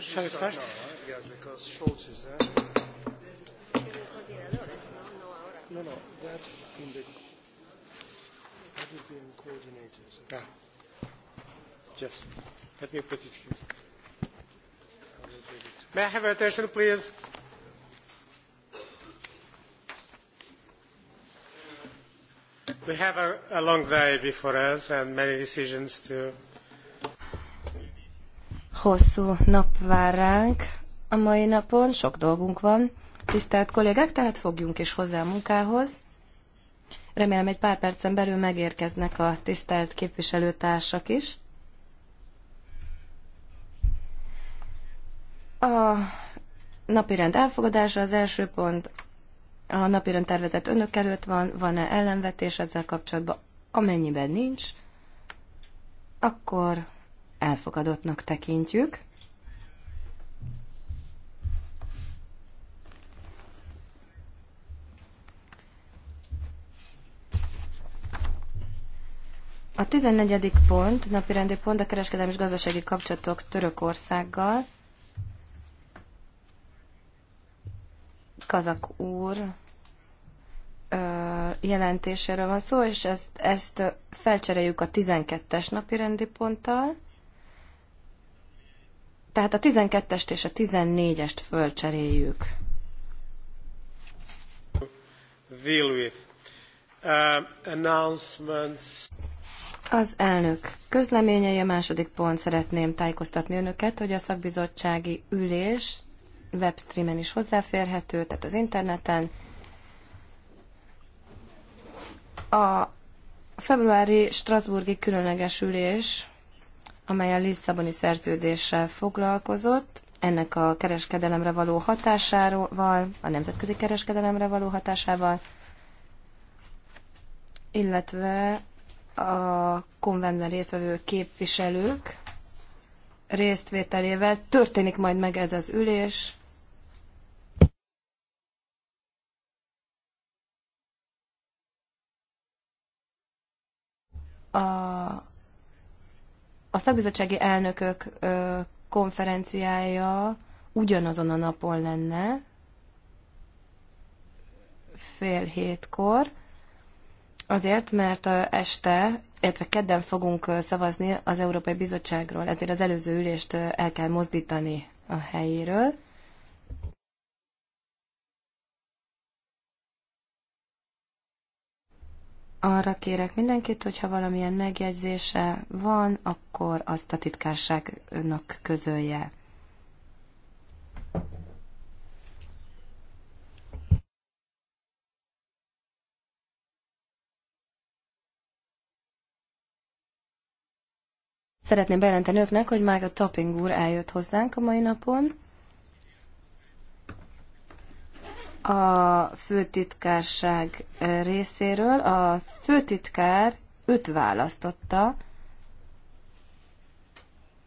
Shall we start? yes, No, no, that in the that ah. Let me put it here. May I have your attention, please? We have a, a long day before us and many decisions to Hosszú nap vár ránk. A mai napon sok dolgunk van. Tisztelt kollégák, tehát fogjunk is hozzá a munkához. Remélem egy pár percen belül megérkeznek a tisztelt képviselőtársak is. A napirend elfogadása az első pont. A napirend tervezet önök előtt van, van-e ellenvetés ezzel kapcsolatban? Amennyiben nincs, akkor elfogadottnak tekintjük. A 14. pont, napirendi pont a kereskedelmi és gazdasági kapcsolatok Törökországgal. Kazak úr jelentéséről van szó, és ezt, ezt felcseréljük a 12-es napirendi ponttal. Tehát a 12-est és a 14-est fölcseréljük. Deal with. Uh, announcements. Az elnök közleményei a második pont szeretném tájékoztatni önöket, hogy a szakbizottsági ülés webstreamen is hozzáférhető, tehát az interneten. A februári Strasburgi különleges ülés amely a Lisszaboni szerződéssel foglalkozott, ennek a kereskedelemre való hatásával, a nemzetközi kereskedelemre való hatásával, illetve a konventben résztvevő képviselők résztvételével történik majd meg ez az ülés. A a szakbizottsági elnökök konferenciája ugyanazon a napon lenne, fél hétkor, azért, mert este, illetve kedden fogunk szavazni az Európai Bizottságról, ezért az előző ülést el kell mozdítani a helyéről. Arra kérek mindenkit, ha valamilyen megjegyzése van, akkor azt a titkárságnak közölje. Szeretném bejelenteni önöknek, hogy már a Tapping úr eljött hozzánk a mai napon. a főtitkárság részéről. A főtitkár őt választotta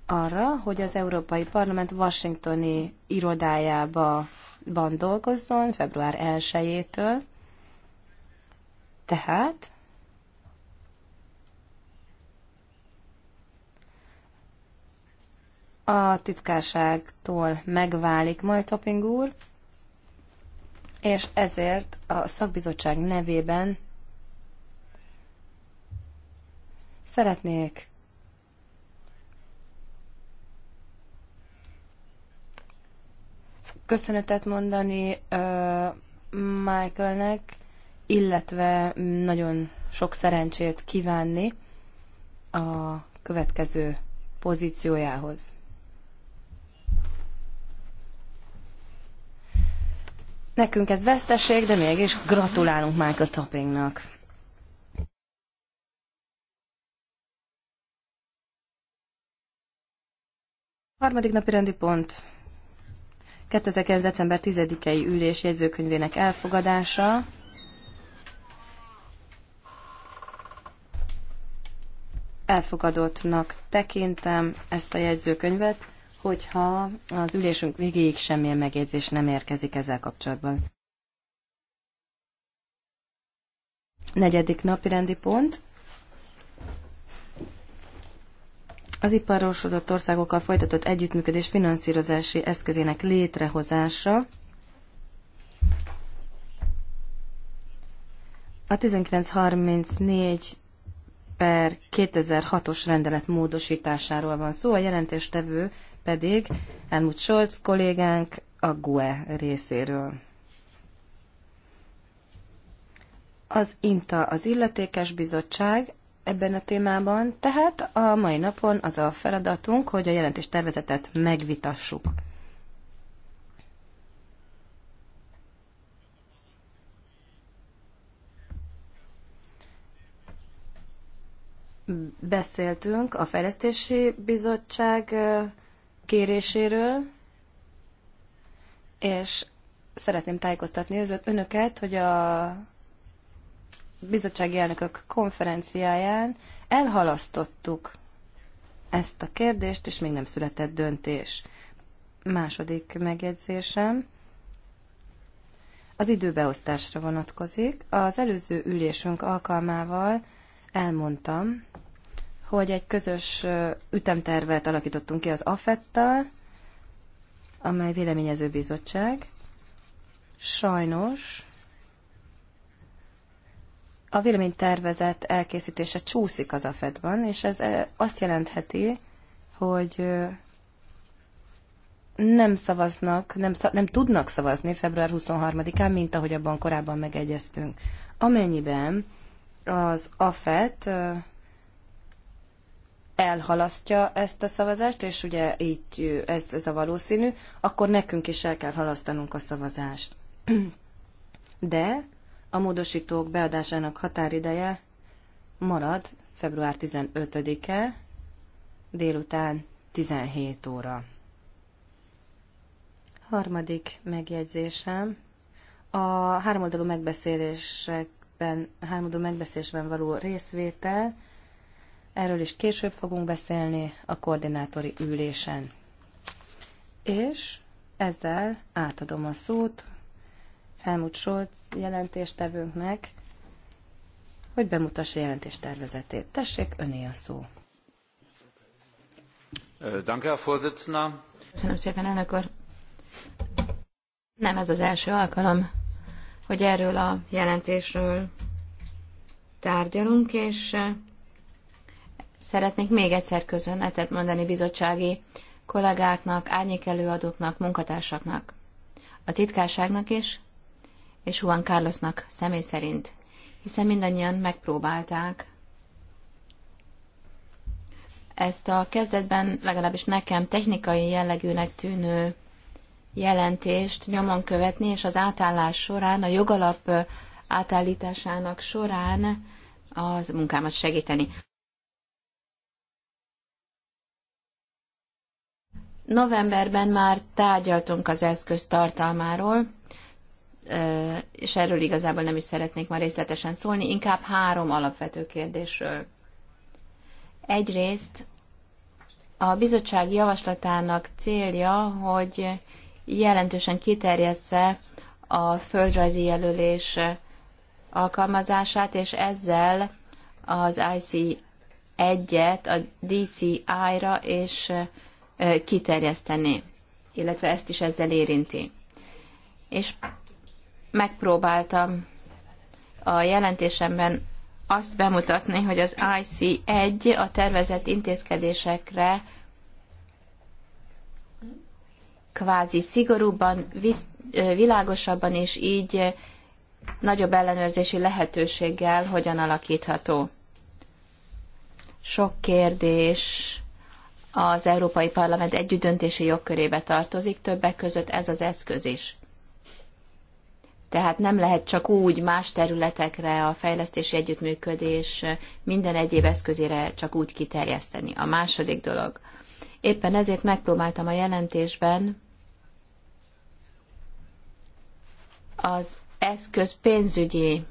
arra, hogy az Európai Parlament Washingtoni irodájába ban dolgozzon február 1-től. Tehát a titkárságtól megválik majd Topping úr, és ezért a szakbizottság nevében szeretnék köszönetet mondani uh, Michaelnek, illetve nagyon sok szerencsét kívánni a következő pozíciójához. Nekünk ez veszteség, de mégis gratulálunk Michael Toppingnak. Harmadik napi rendi pont. 2009. december 10-i ülés jegyzőkönyvének elfogadása. Elfogadottnak tekintem ezt a jegyzőkönyvet hogyha az ülésünk végéig semmilyen megjegyzés nem érkezik ezzel kapcsolatban. Negyedik napi rendi pont. Az iparosodott országokkal folytatott együttműködés finanszírozási eszközének létrehozása. A 1934 per 2006-os rendelet módosításáról van szó. A jelentéstevő pedig Helmut Scholz kollégánk a GUE részéről. Az INTA az illetékes bizottság ebben a témában, tehát a mai napon az a feladatunk, hogy a jelentés tervezetet megvitassuk. beszéltünk a Fejlesztési Bizottság kéréséről, és szeretném tájékoztatni önöket, hogy a bizottsági elnökök konferenciáján elhalasztottuk ezt a kérdést, és még nem született döntés. Második megjegyzésem az időbeosztásra vonatkozik. Az előző ülésünk alkalmával elmondtam, hogy egy közös ütemtervet alakítottunk ki az AFET-tal, amely véleményező bizottság. Sajnos a véleménytervezet elkészítése csúszik az afet ban és ez azt jelentheti, hogy nem szavaznak, nem, szav, nem tudnak szavazni február 23-án, mint ahogy abban korábban megegyeztünk. Amennyiben az AFET elhalasztja ezt a szavazást, és ugye így ez, ez a valószínű, akkor nekünk is el kell halasztanunk a szavazást. De a módosítók beadásának határideje marad február 15-e délután 17 óra. Harmadik megjegyzésem. A háromoldalú megbeszélésekben, háromoldalú megbeszélésben való részvétel erről is később fogunk beszélni a koordinátori ülésen. És ezzel átadom a szót Helmut Scholz jelentéstevőnknek, hogy bemutassa jelentés Tessék, öné a szó. Köszönöm szépen, elnök úr. Nem ez az első alkalom, hogy erről a jelentésről tárgyalunk, és Szeretnék még egyszer közönetet mondani bizottsági kollégáknak, árnyékelőadóknak, munkatársaknak, a titkárságnak is, és Juan Carlosnak személy szerint, hiszen mindannyian megpróbálták ezt a kezdetben legalábbis nekem technikai jellegűnek tűnő jelentést nyomon követni, és az átállás során, a jogalap átállításának során az munkámat segíteni. Novemberben már tárgyaltunk az eszköz tartalmáról, és erről igazából nem is szeretnék már részletesen szólni, inkább három alapvető kérdésről. Egyrészt a bizottság javaslatának célja, hogy jelentősen kiterjessze a földrajzi jelölés alkalmazását, és ezzel az IC1-et a DCI-ra és kiterjeszteni, illetve ezt is ezzel érinti. És megpróbáltam a jelentésemben azt bemutatni, hogy az IC1 a tervezett intézkedésekre kvázi visz, világosabban és így nagyobb ellenőrzési lehetőséggel hogyan alakítható. Sok kérdés az Európai Parlament együttdöntési jogkörébe tartozik, többek között ez az eszköz is. Tehát nem lehet csak úgy más területekre a fejlesztési együttműködés minden egyéb eszközére csak úgy kiterjeszteni. A második dolog. Éppen ezért megpróbáltam a jelentésben az eszköz pénzügyi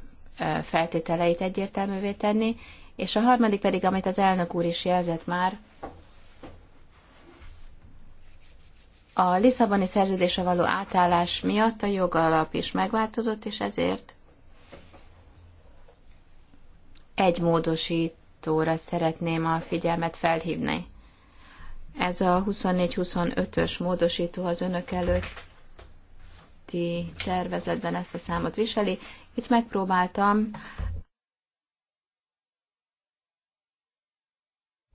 feltételeit egyértelművé tenni, és a harmadik pedig, amit az elnök úr is jelzett már, A Lisszaboni szerződése való átállás miatt a jogalap is megváltozott, és ezért egy módosítóra szeretném a figyelmet felhívni. Ez a 24-25-ös módosító az önök előtti tervezetben ezt a számot viseli. Itt megpróbáltam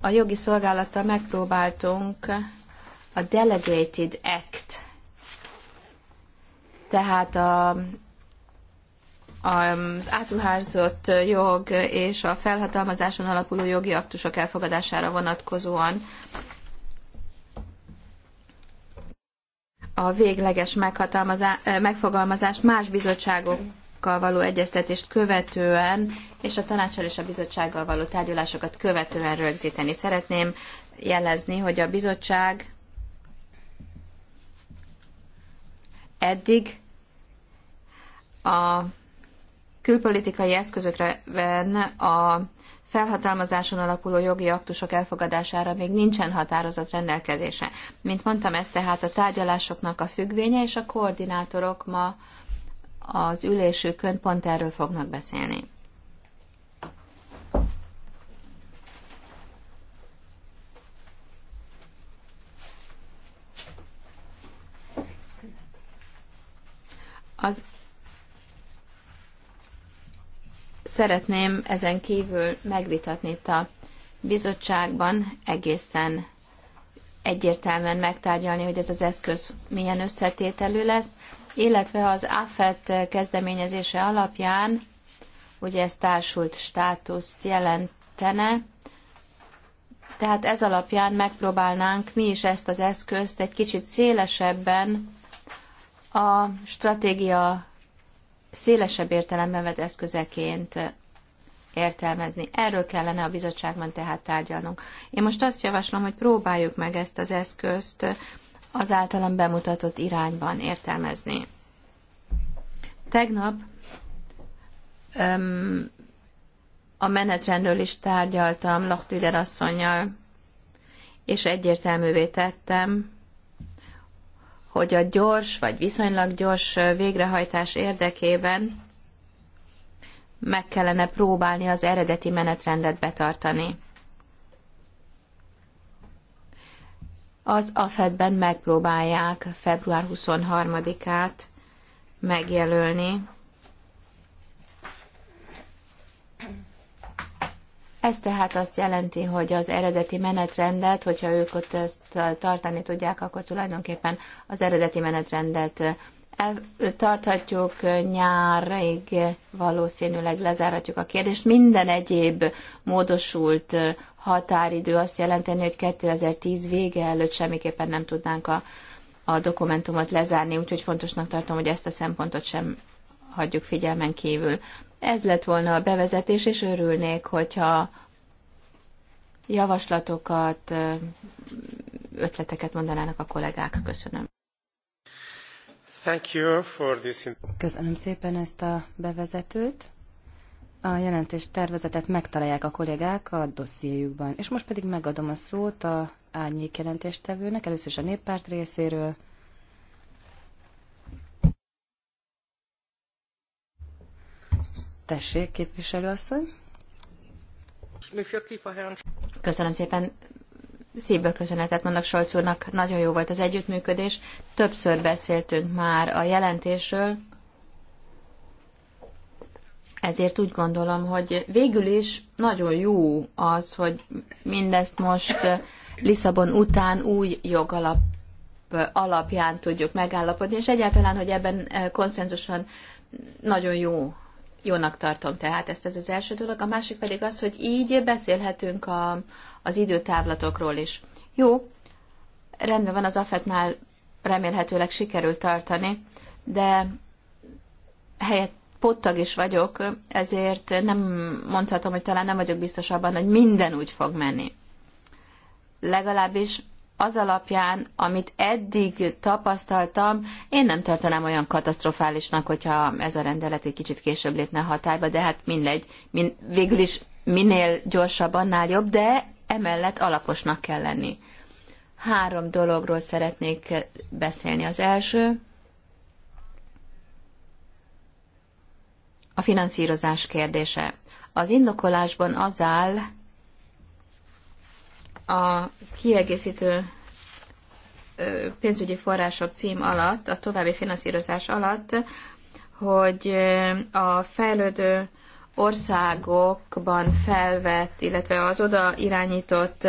a jogi szolgálattal megpróbáltunk a Delegated Act, tehát a, az átruházott jog és a felhatalmazáson alapuló jogi aktusok elfogadására vonatkozóan a végleges megfogalmazást más bizottságokkal való egyeztetést követően és a tanácsal és a bizottsággal való tárgyalásokat követően rögzíteni. Szeretném jelezni, hogy a bizottság Eddig a külpolitikai eszközökben a felhatalmazáson alapuló jogi aktusok elfogadására még nincsen határozott rendelkezése. Mint mondtam, ez tehát a tárgyalásoknak a függvénye, és a koordinátorok ma az ülésükön pont erről fognak beszélni. az szeretném ezen kívül megvitatni itt a bizottságban egészen egyértelműen megtárgyalni, hogy ez az eszköz milyen összetételű lesz, illetve az AFET kezdeményezése alapján, ugye ez társult státuszt jelentene, tehát ez alapján megpróbálnánk mi is ezt az eszközt egy kicsit szélesebben a stratégia szélesebb értelemben vett eszközeként értelmezni. Erről kellene a bizottságban tehát tárgyalnunk. Én most azt javaslom, hogy próbáljuk meg ezt az eszközt az általam bemutatott irányban értelmezni. Tegnap öm, a menetrendről is tárgyaltam Lachtüder asszonynal, és egyértelművé tettem, hogy a gyors vagy viszonylag gyors végrehajtás érdekében meg kellene próbálni az eredeti menetrendet betartani. Az AFED-ben megpróbálják február 23-át megjelölni Ez tehát azt jelenti, hogy az eredeti menetrendet, hogyha ők ott ezt tartani tudják, akkor tulajdonképpen az eredeti menetrendet tarthatjuk nyárig, valószínűleg lezárhatjuk a kérdést. Minden egyéb módosult határidő azt jelenteni, hogy 2010 vége előtt semmiképpen nem tudnánk a, a dokumentumot lezárni, úgyhogy fontosnak tartom, hogy ezt a szempontot sem hagyjuk figyelmen kívül. Ez lett volna a bevezetés, és örülnék, hogyha javaslatokat, ötleteket mondanának a kollégák. Köszönöm. Thank you for this. Köszönöm szépen ezt a bevezetőt. A jelentés tervezetet megtalálják a kollégák a dossziéjukban. És most pedig megadom a szót a árnyék jelentéstevőnek, először is a néppárt részéről, Tessék, asszony. Köszönöm szépen. Szívből köszönetet mondok Solc úrnak. Nagyon jó volt az együttműködés. Többször beszéltünk már a jelentésről, ezért úgy gondolom, hogy végül is nagyon jó az, hogy mindezt most Lisszabon után új jogalap alapján tudjuk megállapodni, és egyáltalán, hogy ebben konszenzusan nagyon jó Jónak tartom tehát ezt, ez az első dolog. A másik pedig az, hogy így beszélhetünk a, az időtávlatokról is. Jó, rendben van, az AFET-nál remélhetőleg sikerült tartani, de helyett pottag is vagyok, ezért nem mondhatom, hogy talán nem vagyok biztos abban, hogy minden úgy fog menni. Legalábbis az alapján, amit eddig tapasztaltam, én nem tartanám olyan katasztrofálisnak, hogyha ez a rendelet egy kicsit később lépne hatályba, de hát mindegy, min, végül is minél gyorsabb, annál jobb, de emellett alaposnak kell lenni. Három dologról szeretnék beszélni. Az első, a finanszírozás kérdése. Az indokolásban az áll, a kiegészítő pénzügyi források cím alatt, a további finanszírozás alatt, hogy a fejlődő országokban felvett, illetve az oda irányított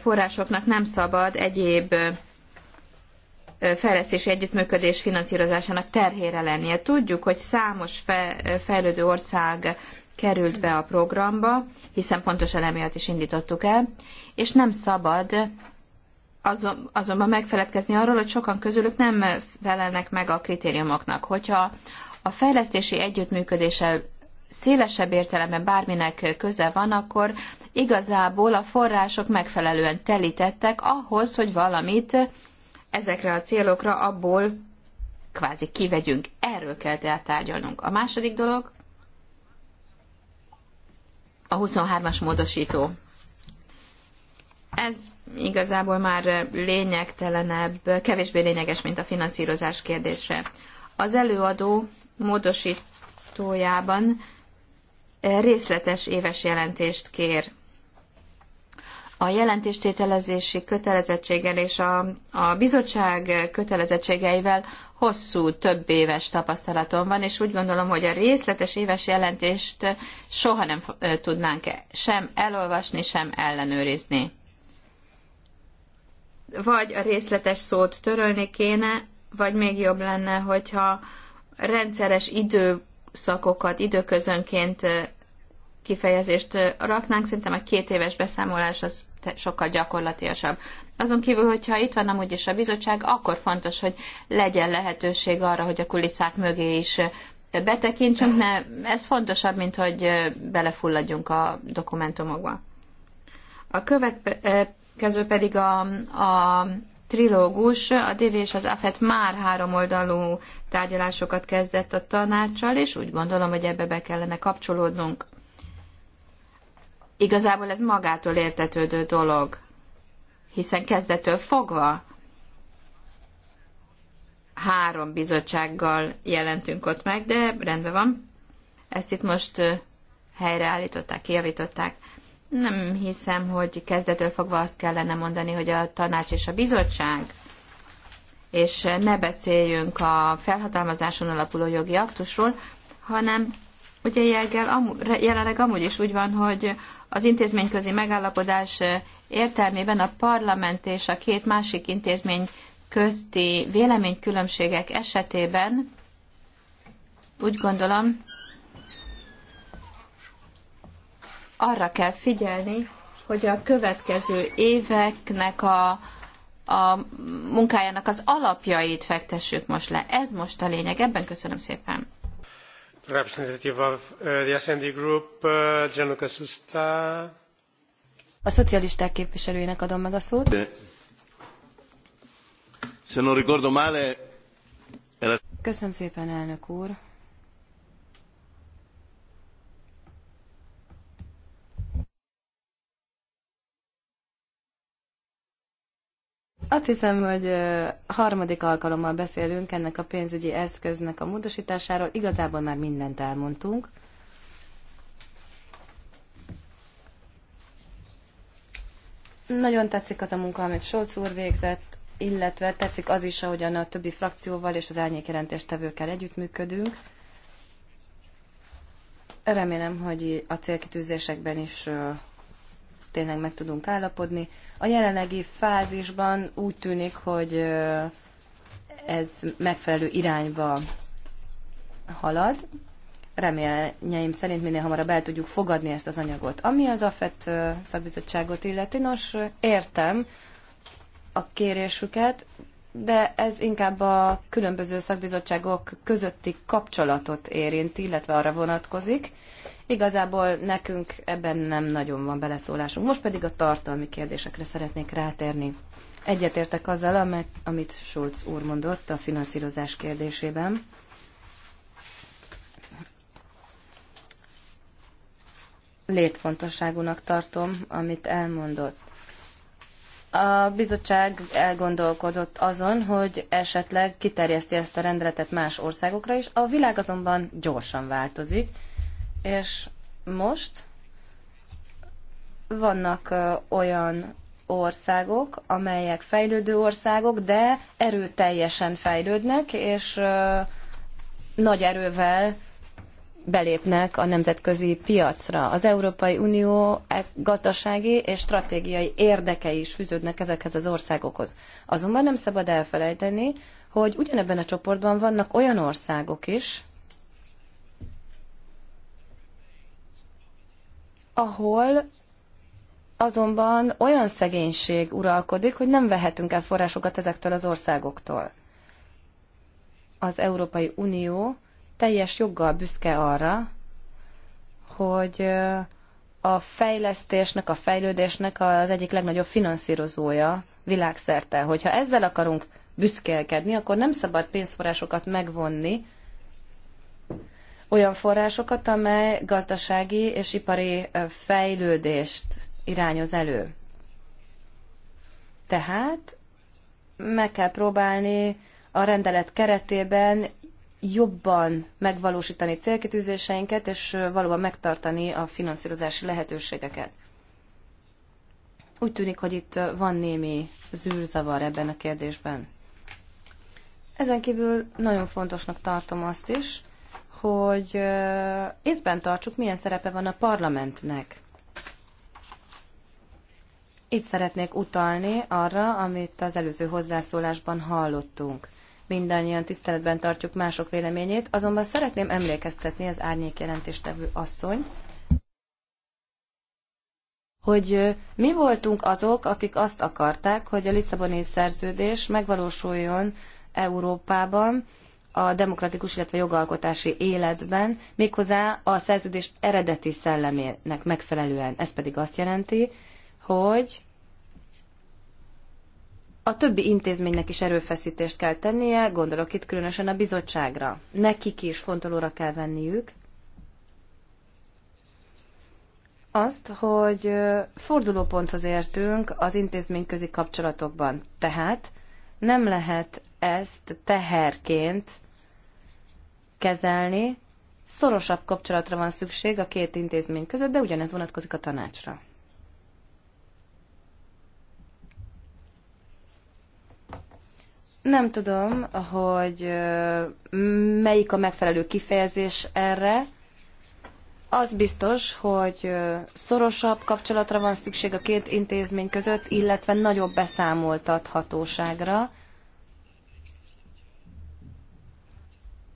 forrásoknak nem szabad egyéb fejlesztési együttműködés finanszírozásának terhére lennie. Tudjuk, hogy számos fejlődő ország került be a programba, hiszen pontosan emiatt is indítottuk el, és nem szabad azon, azonban megfeledkezni arról, hogy sokan közülük nem felelnek meg a kritériumoknak. Hogyha a fejlesztési együttműködéssel szélesebb értelemben bárminek köze van, akkor igazából a források megfelelően telítettek ahhoz, hogy valamit ezekre a célokra abból kvázi kivegyünk. Erről kell tehát tárgyalnunk. A második dolog, a 23-as módosító. Ez igazából már lényegtelenebb, kevésbé lényeges, mint a finanszírozás kérdése. Az előadó módosítójában eh, részletes éves jelentést kér. A jelentéstételezési kötelezettséggel és a, a bizottság kötelezettségeivel hosszú, több éves tapasztalatom van, és úgy gondolom, hogy a részletes éves jelentést soha nem tudnánk sem elolvasni, sem ellenőrizni. Vagy a részletes szót törölni kéne, vagy még jobb lenne, hogyha rendszeres időszakokat, időközönként kifejezést raknánk. Szerintem a két éves beszámolás az sokkal gyakorlatiasabb. Azon kívül, hogyha itt van amúgy is a bizottság, akkor fontos, hogy legyen lehetőség arra, hogy a kulisszák mögé is betekintsünk, ne, ez fontosabb, mint hogy belefulladjunk a dokumentumokba. A következő pedig a, a trilógus, a DV és az AFET már három oldalú tárgyalásokat kezdett a tanácssal, és úgy gondolom, hogy ebbe be kellene kapcsolódnunk. Igazából ez magától értetődő dolog, hiszen kezdetől fogva három bizottsággal jelentünk ott meg, de rendben van. Ezt itt most helyreállították, kiavították. Nem hiszem, hogy kezdetől fogva azt kellene mondani, hogy a tanács és a bizottság, és ne beszéljünk a felhatalmazáson alapuló jogi aktusról, hanem ugye jelgel, jelenleg amúgy is úgy van, hogy az intézményközi megállapodás értelmében a parlament és a két másik intézmény közti véleménykülönbségek esetében úgy gondolom, arra kell figyelni, hogy a következő éveknek a, a munkájának az alapjait fektessük most le. Ez most a lényeg. Ebben köszönöm szépen. Representative of uh, the SND Group, uh, Gianluca Susta. A szocialisták képviselőjének adom meg a szót. De, se non ricordo male, era... Köszönöm szépen, elnök úr. Azt hiszem, hogy harmadik alkalommal beszélünk ennek a pénzügyi eszköznek a módosításáról. Igazából már mindent elmondtunk. Nagyon tetszik az a munka, amit Solc úr végzett, illetve tetszik az is, ahogyan a többi frakcióval és az árnyékjelentéstevőkkel együttműködünk. Remélem, hogy a célkitűzésekben is tényleg meg tudunk állapodni. A jelenlegi fázisban úgy tűnik, hogy ez megfelelő irányba halad. Reményeim szerint minél hamarabb el tudjuk fogadni ezt az anyagot. Ami az AFET szakbizottságot illeti, nos, értem a kérésüket, de ez inkább a különböző szakbizottságok közötti kapcsolatot érinti, illetve arra vonatkozik. Igazából nekünk ebben nem nagyon van beleszólásunk. Most pedig a tartalmi kérdésekre szeretnék rátérni. Egyetértek azzal, amit Schulz úr mondott a finanszírozás kérdésében. Létfontosságúnak tartom, amit elmondott. A bizottság elgondolkodott azon, hogy esetleg kiterjeszti ezt a rendeletet más országokra is. A világ azonban gyorsan változik, és most vannak olyan országok, amelyek fejlődő országok, de erőteljesen fejlődnek, és nagy erővel belépnek a nemzetközi piacra. Az Európai Unió e- gazdasági és stratégiai érdekei is fűződnek ezekhez az országokhoz. Azonban nem szabad elfelejteni, hogy ugyanebben a csoportban vannak olyan országok is, ahol azonban olyan szegénység uralkodik, hogy nem vehetünk el forrásokat ezektől az országoktól. Az Európai Unió teljes joggal büszke arra, hogy a fejlesztésnek, a fejlődésnek az egyik legnagyobb finanszírozója világszerte. Hogyha ezzel akarunk büszkélkedni, akkor nem szabad pénzforrásokat megvonni olyan forrásokat, amely gazdasági és ipari fejlődést irányoz elő. Tehát meg kell próbálni a rendelet keretében jobban megvalósítani célkitűzéseinket, és valóban megtartani a finanszírozási lehetőségeket. Úgy tűnik, hogy itt van némi zűrzavar ebben a kérdésben. Ezen kívül nagyon fontosnak tartom azt is, hogy észben tartsuk, milyen szerepe van a parlamentnek. Itt szeretnék utalni arra, amit az előző hozzászólásban hallottunk. Mindannyian tiszteletben tartjuk mások véleményét, azonban szeretném emlékeztetni az árnyék jelentéstevő asszony, hogy mi voltunk azok, akik azt akarták, hogy a Lisszaboni szerződés megvalósuljon Európában, a demokratikus, illetve jogalkotási életben, méghozzá a szerződés eredeti szellemének megfelelően. Ez pedig azt jelenti, hogy a többi intézménynek is erőfeszítést kell tennie, gondolok itt különösen a bizottságra. Nekik is fontolóra kell venniük azt, hogy fordulóponthoz értünk az intézményközi kapcsolatokban. Tehát nem lehet ezt teherként kezelni. Szorosabb kapcsolatra van szükség a két intézmény között, de ugyanez vonatkozik a tanácsra. Nem tudom, hogy melyik a megfelelő kifejezés erre. Az biztos, hogy szorosabb kapcsolatra van szükség a két intézmény között, illetve nagyobb beszámoltathatóságra.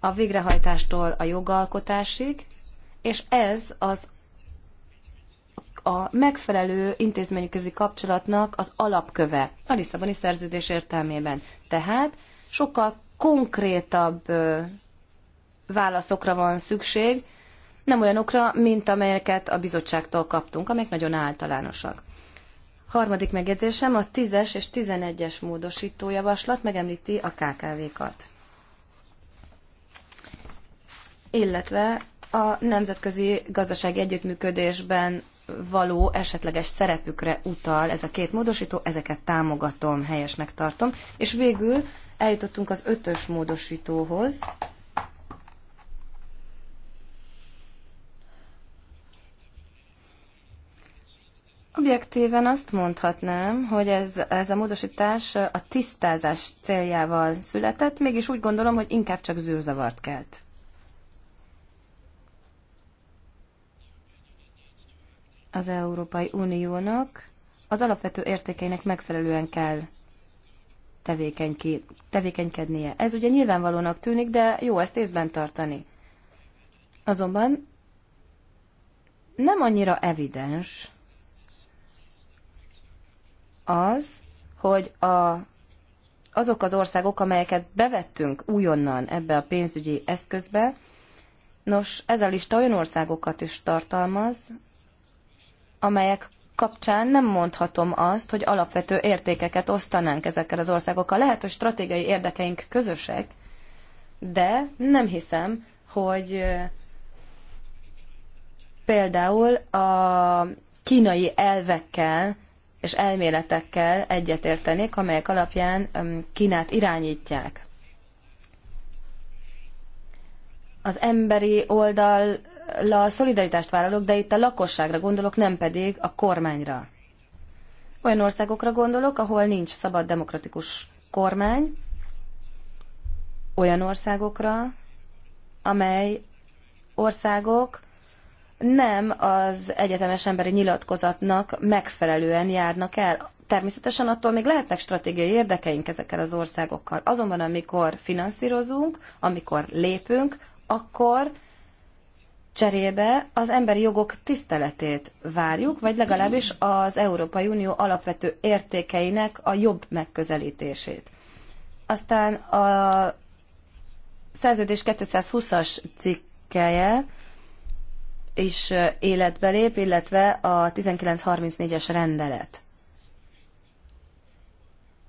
a végrehajtástól a jogalkotásig, és ez az a megfelelő intézményközi kapcsolatnak az alapköve a Lisszaboni szerződés értelmében. Tehát sokkal konkrétabb válaszokra van szükség, nem olyanokra, mint amelyeket a bizottságtól kaptunk, amelyek nagyon általánosak. Harmadik megjegyzésem a 10-es és 11-es módosító javaslat megemlíti a KKV-kat illetve a nemzetközi gazdasági együttműködésben való esetleges szerepükre utal ez a két módosító, ezeket támogatom, helyesnek tartom. És végül eljutottunk az ötös módosítóhoz. Objektíven azt mondhatnám, hogy ez, ez a módosítás a tisztázás céljával született, mégis úgy gondolom, hogy inkább csak zűrzavart kelt. az Európai Uniónak az alapvető értékeinek megfelelően kell tevékenykednie. Ez ugye nyilvánvalónak tűnik, de jó ezt észben tartani. Azonban nem annyira evidens az, hogy a, azok az országok, amelyeket bevettünk újonnan ebbe a pénzügyi eszközbe, nos, ez a lista olyan országokat is tartalmaz, amelyek kapcsán nem mondhatom azt, hogy alapvető értékeket osztanánk ezekkel az országokkal. Lehet, hogy stratégiai érdekeink közösek, de nem hiszem, hogy például a kínai elvekkel és elméletekkel egyetértenék, amelyek alapján Kínát irányítják. Az emberi oldal a szolidaritást vállalok, de itt a lakosságra gondolok, nem pedig a kormányra. Olyan országokra gondolok, ahol nincs szabad demokratikus kormány, olyan országokra, amely országok nem az egyetemes emberi nyilatkozatnak megfelelően járnak el. Természetesen attól még lehetnek stratégiai érdekeink ezekkel az országokkal. Azonban amikor finanszírozunk, amikor lépünk, akkor Cserébe az emberi jogok tiszteletét várjuk, vagy legalábbis az Európai Unió alapvető értékeinek a jobb megközelítését. Aztán a szerződés 220-as cikkeje is életbe lép, illetve a 1934-es rendelet.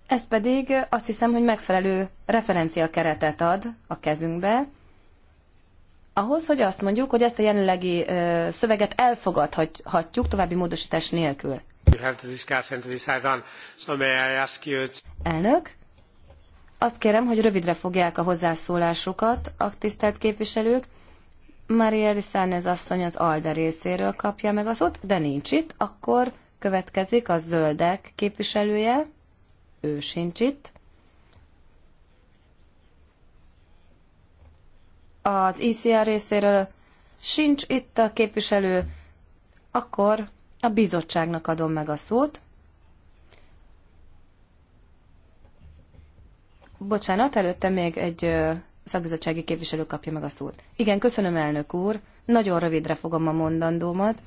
Ez pedig azt hiszem, hogy megfelelő referenciakeretet ad a kezünkbe, ahhoz, hogy azt mondjuk, hogy ezt a jelenlegi szöveget elfogadhatjuk további módosítás nélkül. Elnök, azt kérem, hogy rövidre fogják a hozzászólásukat a tisztelt képviselők. Maria Lisánez asszony az ALDE részéről kapja meg az ott, de nincs itt, akkor következik a zöldek képviselője, ő sincs itt. az ICR e részéről sincs itt a képviselő, akkor a bizottságnak adom meg a szót. Bocsánat, előtte még egy szakbizottsági képviselő kapja meg a szót. Igen, köszönöm, elnök úr. Nagyon rövidre fogom a mondandómat.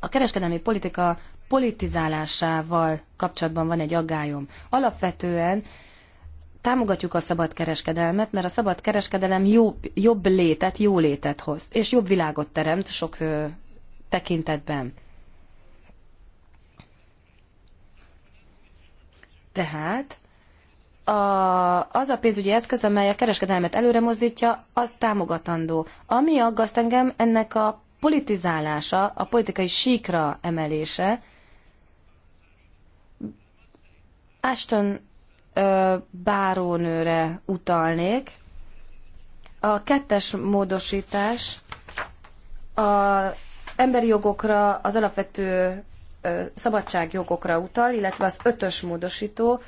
A kereskedelmi politika politizálásával kapcsolatban van egy aggályom. Alapvetően támogatjuk a szabad kereskedelmet, mert a szabad kereskedelem jobb, jobb létet, jó létet hoz, és jobb világot teremt sok ö, tekintetben. Tehát a, az a pénzügyi eszköz, amely a kereskedelmet előre mozdítja, az támogatandó. Ami aggaszt engem, ennek a politizálása, a politikai síkra emelése. Ashton bárónőre utalnék. A kettes módosítás az emberi jogokra, az alapvető szabadságjogokra utal, illetve az ötös módosító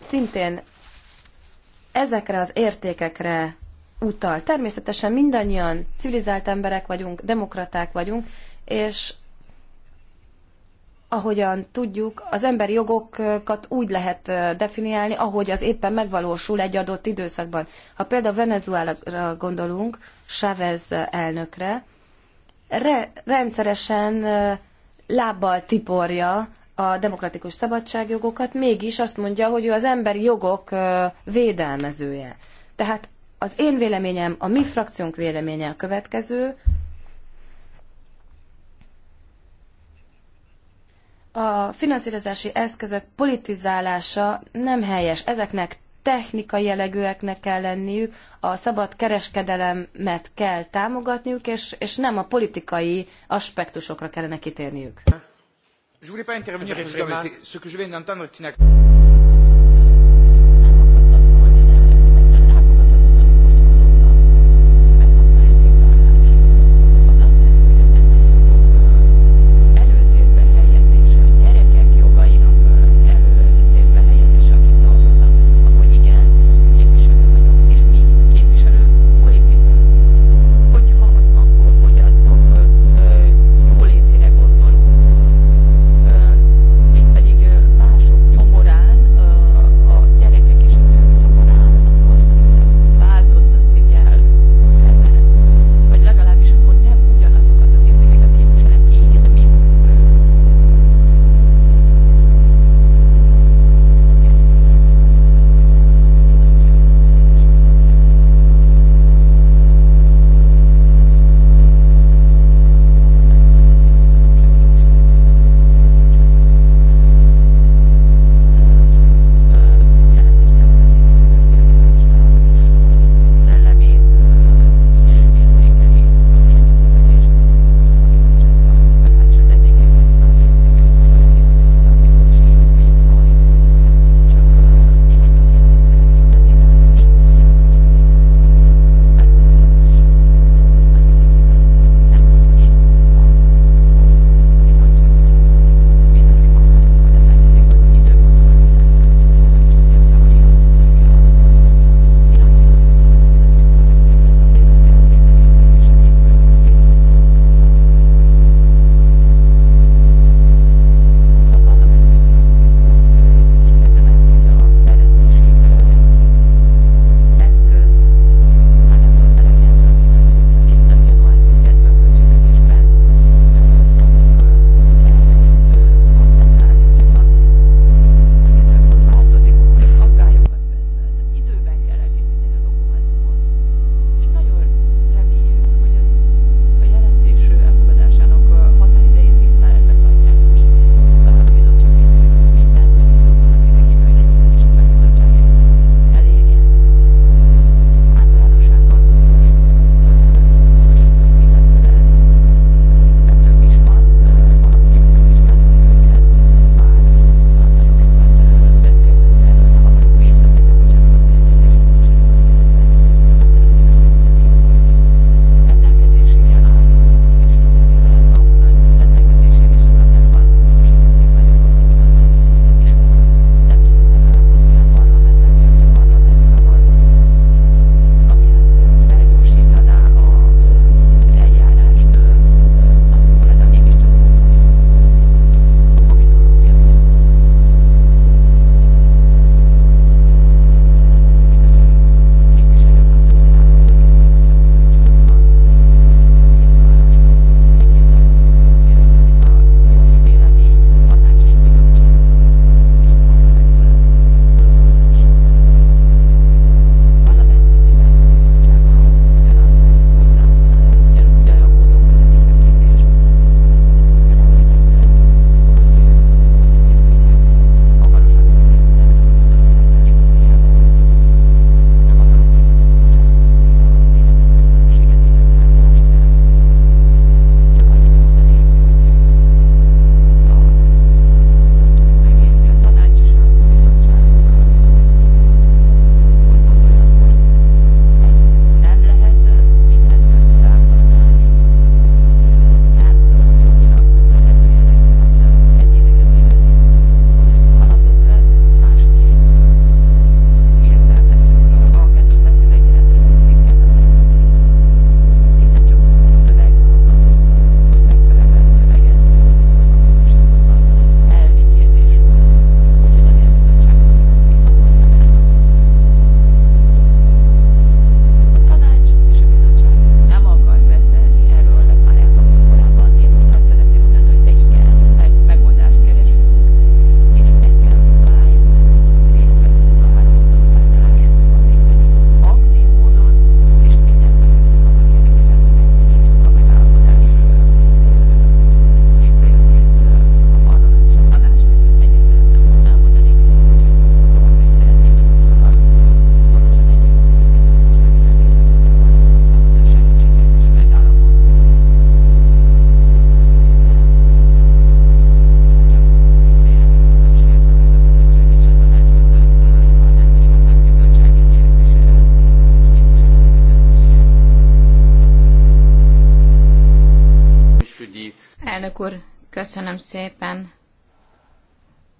szintén ezekre az értékekre utal. Természetesen mindannyian civilizált emberek vagyunk, demokraták vagyunk, és ahogyan tudjuk, az emberi jogokat úgy lehet definiálni, ahogy az éppen megvalósul egy adott időszakban. Ha például venezuela gondolunk, Chavez elnökre, re- rendszeresen lábbal tiporja a demokratikus szabadságjogokat, mégis azt mondja, hogy ő az emberi jogok védelmezője. Tehát az én véleményem, a mi frakciónk véleménye a következő, a finanszírozási eszközök politizálása nem helyes. Ezeknek technikai jellegűeknek kell lenniük, a szabad kereskedelemet kell támogatniuk, és, és nem a politikai aspektusokra kellene kitérniük. Je voulais pas intervenir, président, mais ce que je viens d'entendre szépen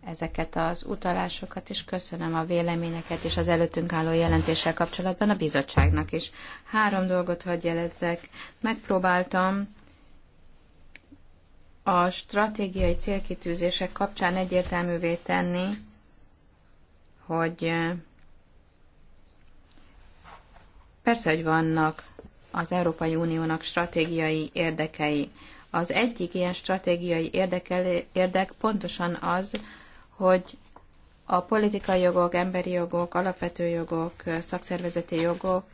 ezeket az utalásokat, és köszönöm a véleményeket és az előttünk álló jelentéssel kapcsolatban a bizottságnak is. Három dolgot hagyj jelezzek. Megpróbáltam a stratégiai célkitűzések kapcsán egyértelművé tenni, hogy eh, persze, hogy vannak az Európai Uniónak stratégiai érdekei, az egyik ilyen stratégiai érdekel, érdek pontosan az, hogy a politikai jogok, emberi jogok, alapvető jogok, szakszervezeti jogok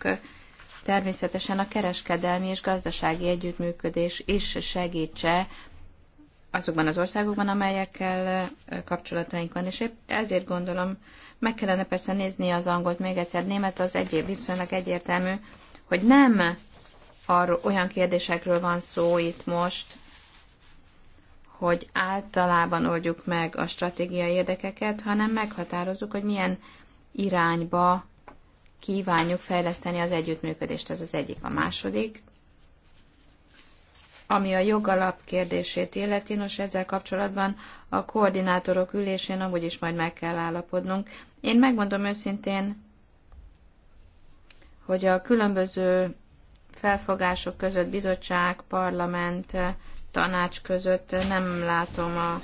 természetesen a kereskedelmi és gazdasági együttműködés is segítse azokban az országokban, amelyekkel kapcsolataink van. És épp ezért gondolom, meg kellene persze nézni az angolt még egyszer, német az egyéb viszonylag egyértelmű, hogy nem arról, olyan kérdésekről van szó itt most, hogy általában oldjuk meg a stratégiai érdekeket, hanem meghatározzuk, hogy milyen irányba kívánjuk fejleszteni az együttműködést. Ez az egyik. A második, ami a jogalap kérdését illeti, nos ezzel kapcsolatban a koordinátorok ülésén amúgy is majd meg kell állapodnunk. Én megmondom őszintén, hogy a különböző felfogások között, bizottság, parlament, tanács között nem látom a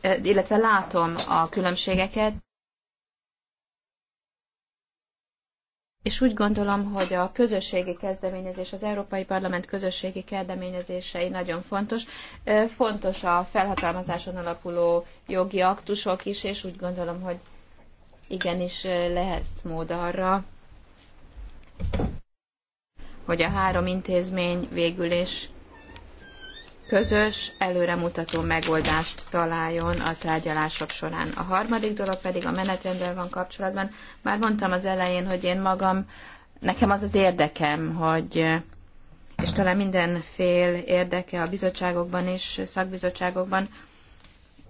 eh, illetve látom a különbségeket, és úgy gondolom, hogy a közösségi kezdeményezés, az Európai Parlament közösségi kezdeményezései nagyon fontos. Eh, fontos a felhatalmazáson alapuló jogi aktusok is, és úgy gondolom, hogy igenis lehetsz mód arra, hogy a három intézmény végül is közös, előremutató megoldást találjon a tárgyalások során. A harmadik dolog pedig a menetrendel van kapcsolatban. Már mondtam az elején, hogy én magam, nekem az az érdekem, hogy és talán minden fél érdeke a bizottságokban is, szakbizottságokban,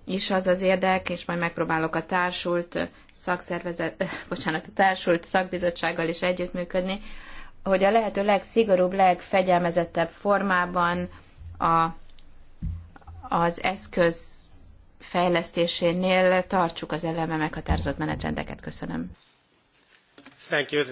is az az érdek, és majd megpróbálok a társult szakszervezet, bocsánat, a társult szakbizottsággal is együttműködni, hogy a lehető legszigorúbb, legfegyelmezettebb formában a, az eszköz fejlesztésénél tartsuk az eleme meghatározott menetrendeket. Köszönöm. Thank you.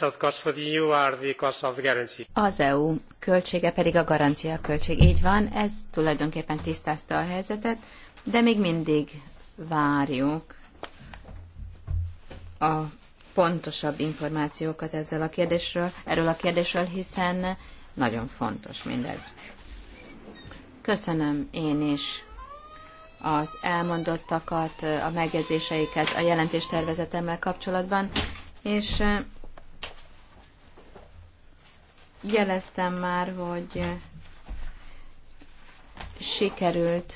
E az EU költsége pedig a garancia költség. Így van, ez tulajdonképpen tisztázta a helyzetet, de még mindig várjuk a pontosabb információkat ezzel a kérdésről, erről a kérdésről, hiszen nagyon fontos mindez. Köszönöm én is az elmondottakat, a megjegyzéseiket a jelentéstervezetemmel kapcsolatban, és jeleztem már, hogy sikerült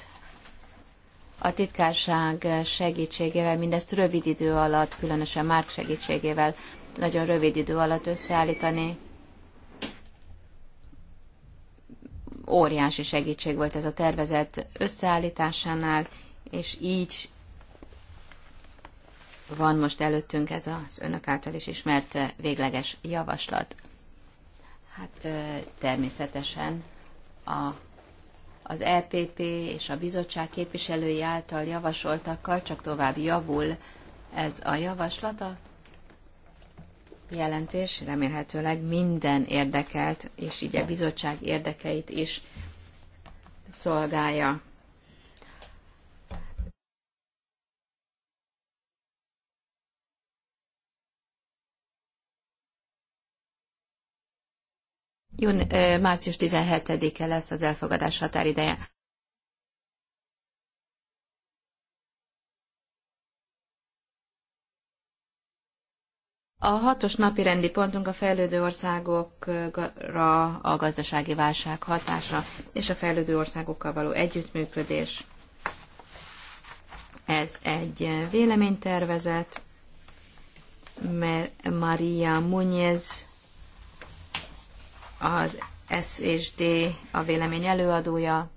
a titkárság segítségével, mindezt rövid idő alatt, különösen Márk segítségével, nagyon rövid idő alatt összeállítani. Óriási segítség volt ez a tervezet összeállításánál, és így van most előttünk ez az önök által is ismert végleges javaslat. Hát természetesen a, az EPP és a bizottság képviselői által javasoltakkal csak tovább javul ez a javaslat. A jelentés remélhetőleg minden érdekelt, és így a bizottság érdekeit is szolgálja. Jún, március 17-e lesz az elfogadás határideje. A hatos napi rendi pontunk a fejlődő országokra a gazdasági válság hatása és a fejlődő országokkal való együttműködés. Ez egy véleménytervezet, mert Maria Munyez az S és D a vélemény előadója,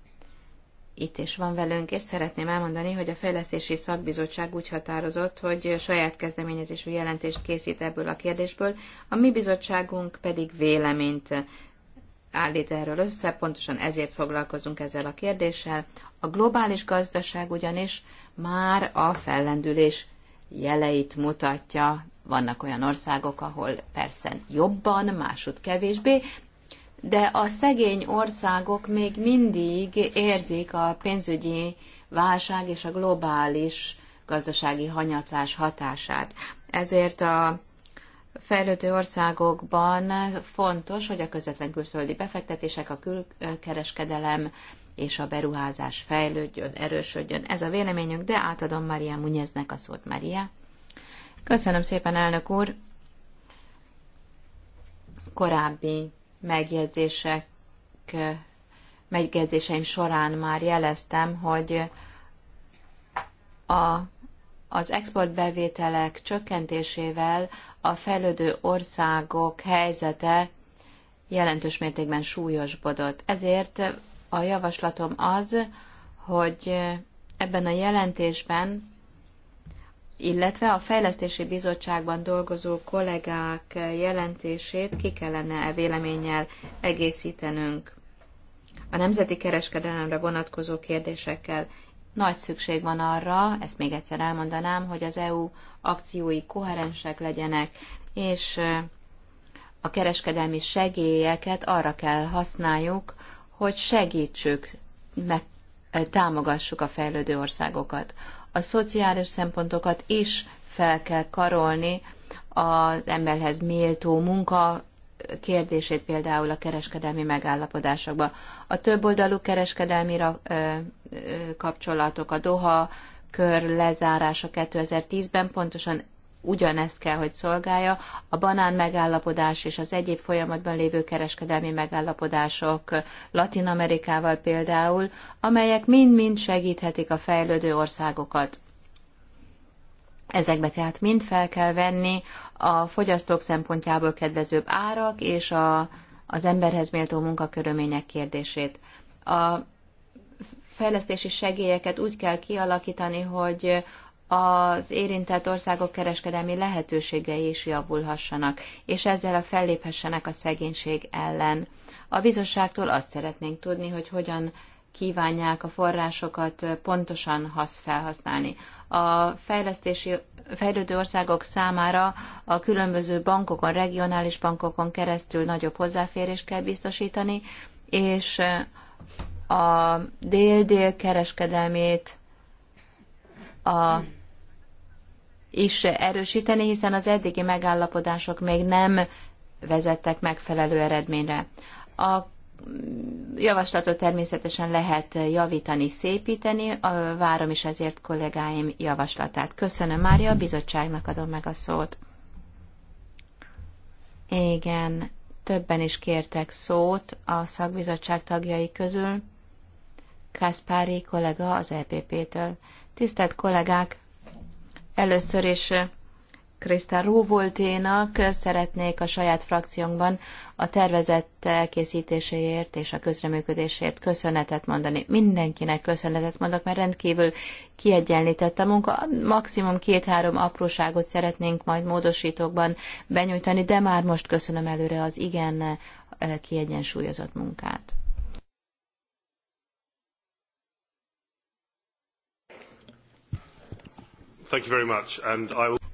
itt is van velünk, és szeretném elmondani, hogy a Fejlesztési Szakbizottság úgy határozott, hogy saját kezdeményezésű jelentést készít ebből a kérdésből, a mi bizottságunk pedig véleményt állít erről össze, pontosan ezért foglalkozunk ezzel a kérdéssel. A globális gazdaság ugyanis már a fellendülés jeleit mutatja, vannak olyan országok, ahol persze jobban, másod kevésbé, de a szegény országok még mindig érzik a pénzügyi válság és a globális gazdasági hanyatlás hatását. Ezért a fejlődő országokban fontos, hogy a közvetlen külföldi befektetések, a külkereskedelem és a beruházás fejlődjön, erősödjön. Ez a véleményünk, de átadom Maria Munyeznek a szót, Maria. Köszönöm szépen, elnök úr! Korábbi megjegyzések, megjegyzéseim során már jeleztem, hogy a, az exportbevételek csökkentésével a fejlődő országok helyzete jelentős mértékben súlyosbodott. Ezért a javaslatom az, hogy ebben a jelentésben illetve a Fejlesztési Bizottságban dolgozó kollégák jelentését ki kellene e véleménnyel egészítenünk a nemzeti kereskedelemre vonatkozó kérdésekkel. Nagy szükség van arra, ezt még egyszer elmondanám, hogy az EU akciói koherensek legyenek, és a kereskedelmi segélyeket arra kell használjuk, hogy segítsük, meg támogassuk a fejlődő országokat a szociális szempontokat is fel kell karolni, az emberhez méltó munka kérdését például a kereskedelmi megállapodásokba. A többoldalú kereskedelmi kapcsolatok, a Doha kör lezárása 2010-ben pontosan ugyanezt kell, hogy szolgálja. A banán megállapodás és az egyéb folyamatban lévő kereskedelmi megállapodások Latin Amerikával például, amelyek mind-mind segíthetik a fejlődő országokat. Ezekbe tehát mind fel kell venni a fogyasztók szempontjából kedvezőbb árak és a, az emberhez méltó munkakörülmények kérdését. A fejlesztési segélyeket úgy kell kialakítani, hogy az érintett országok kereskedelmi lehetőségei is javulhassanak, és ezzel a felléphessenek a szegénység ellen. A bizottságtól azt szeretnénk tudni, hogy hogyan kívánják a forrásokat pontosan hasz felhasználni. A fejlesztési fejlődő országok számára a különböző bankokon, regionális bankokon keresztül nagyobb hozzáférést kell biztosítani, és a dél-dél kereskedelmét a is erősíteni, hiszen az eddigi megállapodások még nem vezettek megfelelő eredményre. A javaslatot természetesen lehet javítani, szépíteni, várom is ezért kollégáim javaslatát. Köszönöm, Mária, a bizottságnak adom meg a szót. Igen, többen is kértek szót a szakbizottság tagjai közül. Kaspári kollega az EPP-től. Tisztelt kollégák, Először is eh, Krista Róvolténak eh, szeretnék a saját frakciónkban a tervezett elkészítéséért és a közreműködésért köszönetet mondani. Mindenkinek köszönetet mondok, mert rendkívül kiegyenlített a munka. Maximum két-három apróságot szeretnénk majd módosítókban benyújtani, de már most köszönöm előre az igen eh, kiegyensúlyozott munkát.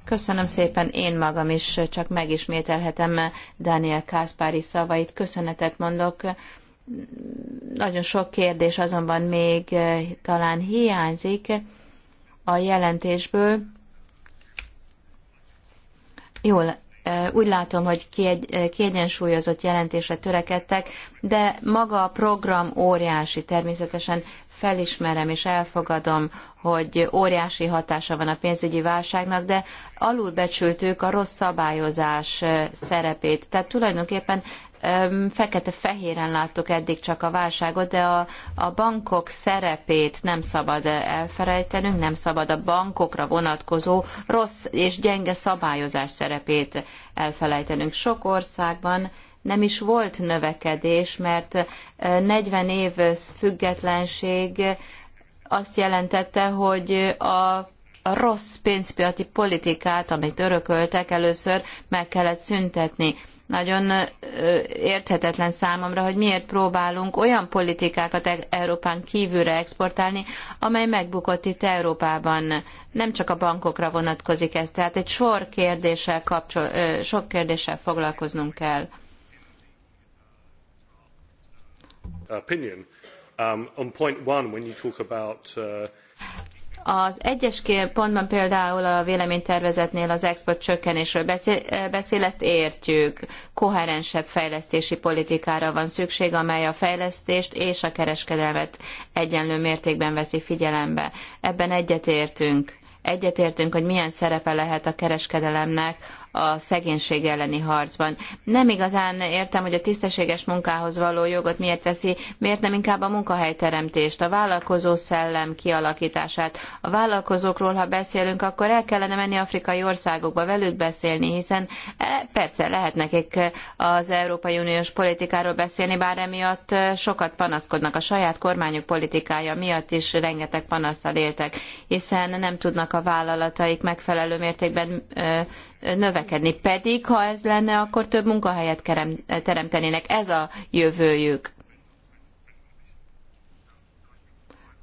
Köszönöm szépen, én magam is csak megismételhetem Daniel Kászpári szavait. Köszönetet mondok. Nagyon sok kérdés azonban még eh, talán hiányzik a jelentésből. Jól, eh, úgy látom, hogy eh, kiegyensúlyozott jelentésre törekedtek, de maga a program óriási természetesen felismerem és elfogadom, hogy óriási hatása van a pénzügyi válságnak, de alulbecsültük a rossz szabályozás szerepét. Tehát tulajdonképpen fekete-fehéren láttuk eddig csak a válságot, de a, a bankok szerepét nem szabad elfelejtenünk, nem szabad a bankokra vonatkozó rossz és gyenge szabályozás szerepét elfelejtenünk. Sok országban nem is volt növekedés, mert 40 év függetlenség azt jelentette, hogy a a rossz pénzpiaci politikát, amit örököltek először, meg kellett szüntetni. Nagyon érthetetlen számomra, hogy miért próbálunk olyan politikákat e-, Európán kívülre exportálni, amely megbukott itt Európában. Nem csak a bankokra vonatkozik ez, tehát egy sor kérdéssel, kapcsol, sok kérdéssel foglalkoznunk kell. opinion. Um, on point one, when you talk about uh, az egyes pontban például a véleménytervezetnél az export csökkenésről beszél, beszél, ezt értjük. Koherensebb fejlesztési politikára van szükség, amely a fejlesztést és a kereskedelmet egyenlő mértékben veszi figyelembe. Ebben egyetértünk. Egyetértünk, hogy milyen szerepe lehet a kereskedelemnek a szegénység elleni harcban. Nem igazán értem, hogy a tisztességes munkához való jogot miért veszi, miért nem inkább a munkahelyteremtést, a vállalkozó szellem kialakítását. A vállalkozókról, ha beszélünk, akkor el kellene menni afrikai országokba velük beszélni, hiszen e, persze lehet nekik az Európai Uniós politikáról beszélni, bár emiatt e, sokat panaszkodnak a saját kormányuk politikája miatt is rengeteg panaszsal éltek, hiszen nem tudnak a vállalataik megfelelő mértékben e, növekedni. Pedig, ha ez lenne, akkor több munkahelyet teremtenének. Ez a jövőjük.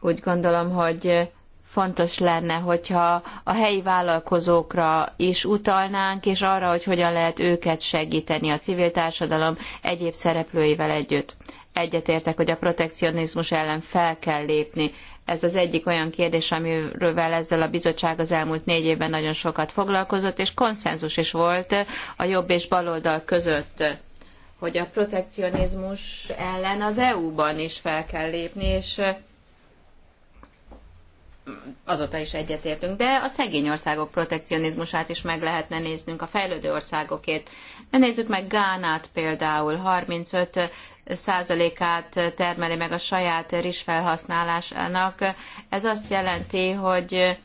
Úgy gondolom, hogy fontos lenne, hogyha a helyi vállalkozókra is utalnánk, és arra, hogy hogyan lehet őket segíteni a civil társadalom egyéb szereplőivel együtt. Egyetértek, hogy a protekcionizmus ellen fel kell lépni. Ez az egyik olyan kérdés, amiről ezzel a bizottság az elmúlt négy évben nagyon sokat foglalkozott, és konszenzus is volt a jobb és baloldal között hogy a protekcionizmus ellen az EU-ban is fel kell lépni, és azóta is egyetértünk, de a szegény országok protekcionizmusát is meg lehetne néznünk, a fejlődő országokét. De nézzük meg Gánát például, 35 százalékát termeli meg a saját rizsfelhasználásának. Ez azt jelenti, hogy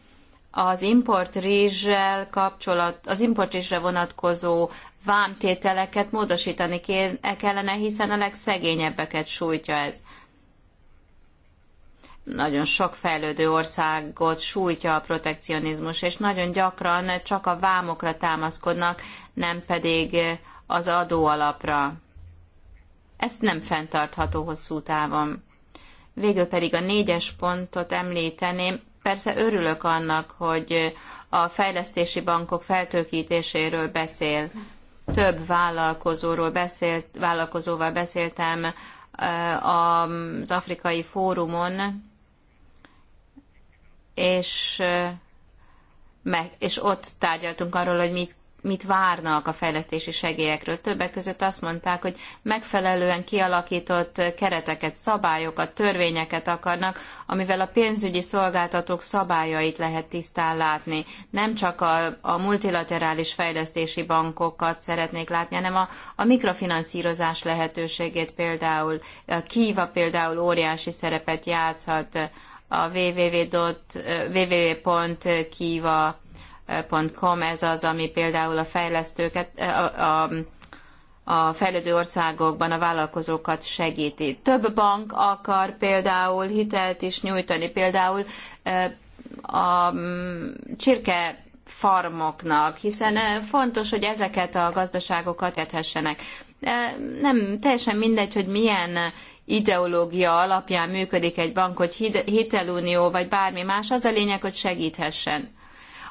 az import rizssel kapcsolat, az import rizsre vonatkozó vámtételeket módosítani kellene, hiszen a legszegényebbeket sújtja ez. Nagyon sok fejlődő országot sújtja a protekcionizmus, és nagyon gyakran csak a vámokra támaszkodnak, nem pedig az adóalapra. Ezt nem fenntartható hosszú távon. Végül pedig a négyes pontot említeném, Persze örülök annak, hogy a fejlesztési bankok feltőkítéséről beszél. Több vállalkozóról beszélt, vállalkozóval beszéltem az afrikai fórumon, és, meg, és ott tárgyaltunk arról, hogy mit mit várnak a fejlesztési segélyekről. Többek között azt mondták, hogy megfelelően kialakított kereteket, szabályokat, törvényeket akarnak, amivel a pénzügyi szolgáltatók szabályait lehet tisztán látni. Nem csak a, a multilaterális fejlesztési bankokat szeretnék látni, hanem a, a mikrofinanszírozás lehetőségét például. A Kíva például óriási szerepet játszhat a www.kiva.com Com, ez az, ami például a fejlesztőket, a, a, a fejlődő országokban a vállalkozókat segíti. Több bank akar például hitelt is nyújtani, például a csirke farmoknak, hiszen fontos, hogy ezeket a gazdaságokat ethessenek. Nem teljesen mindegy, hogy milyen ideológia alapján működik egy bank, hogy hitelunió vagy bármi más, az a lényeg, hogy segíthessen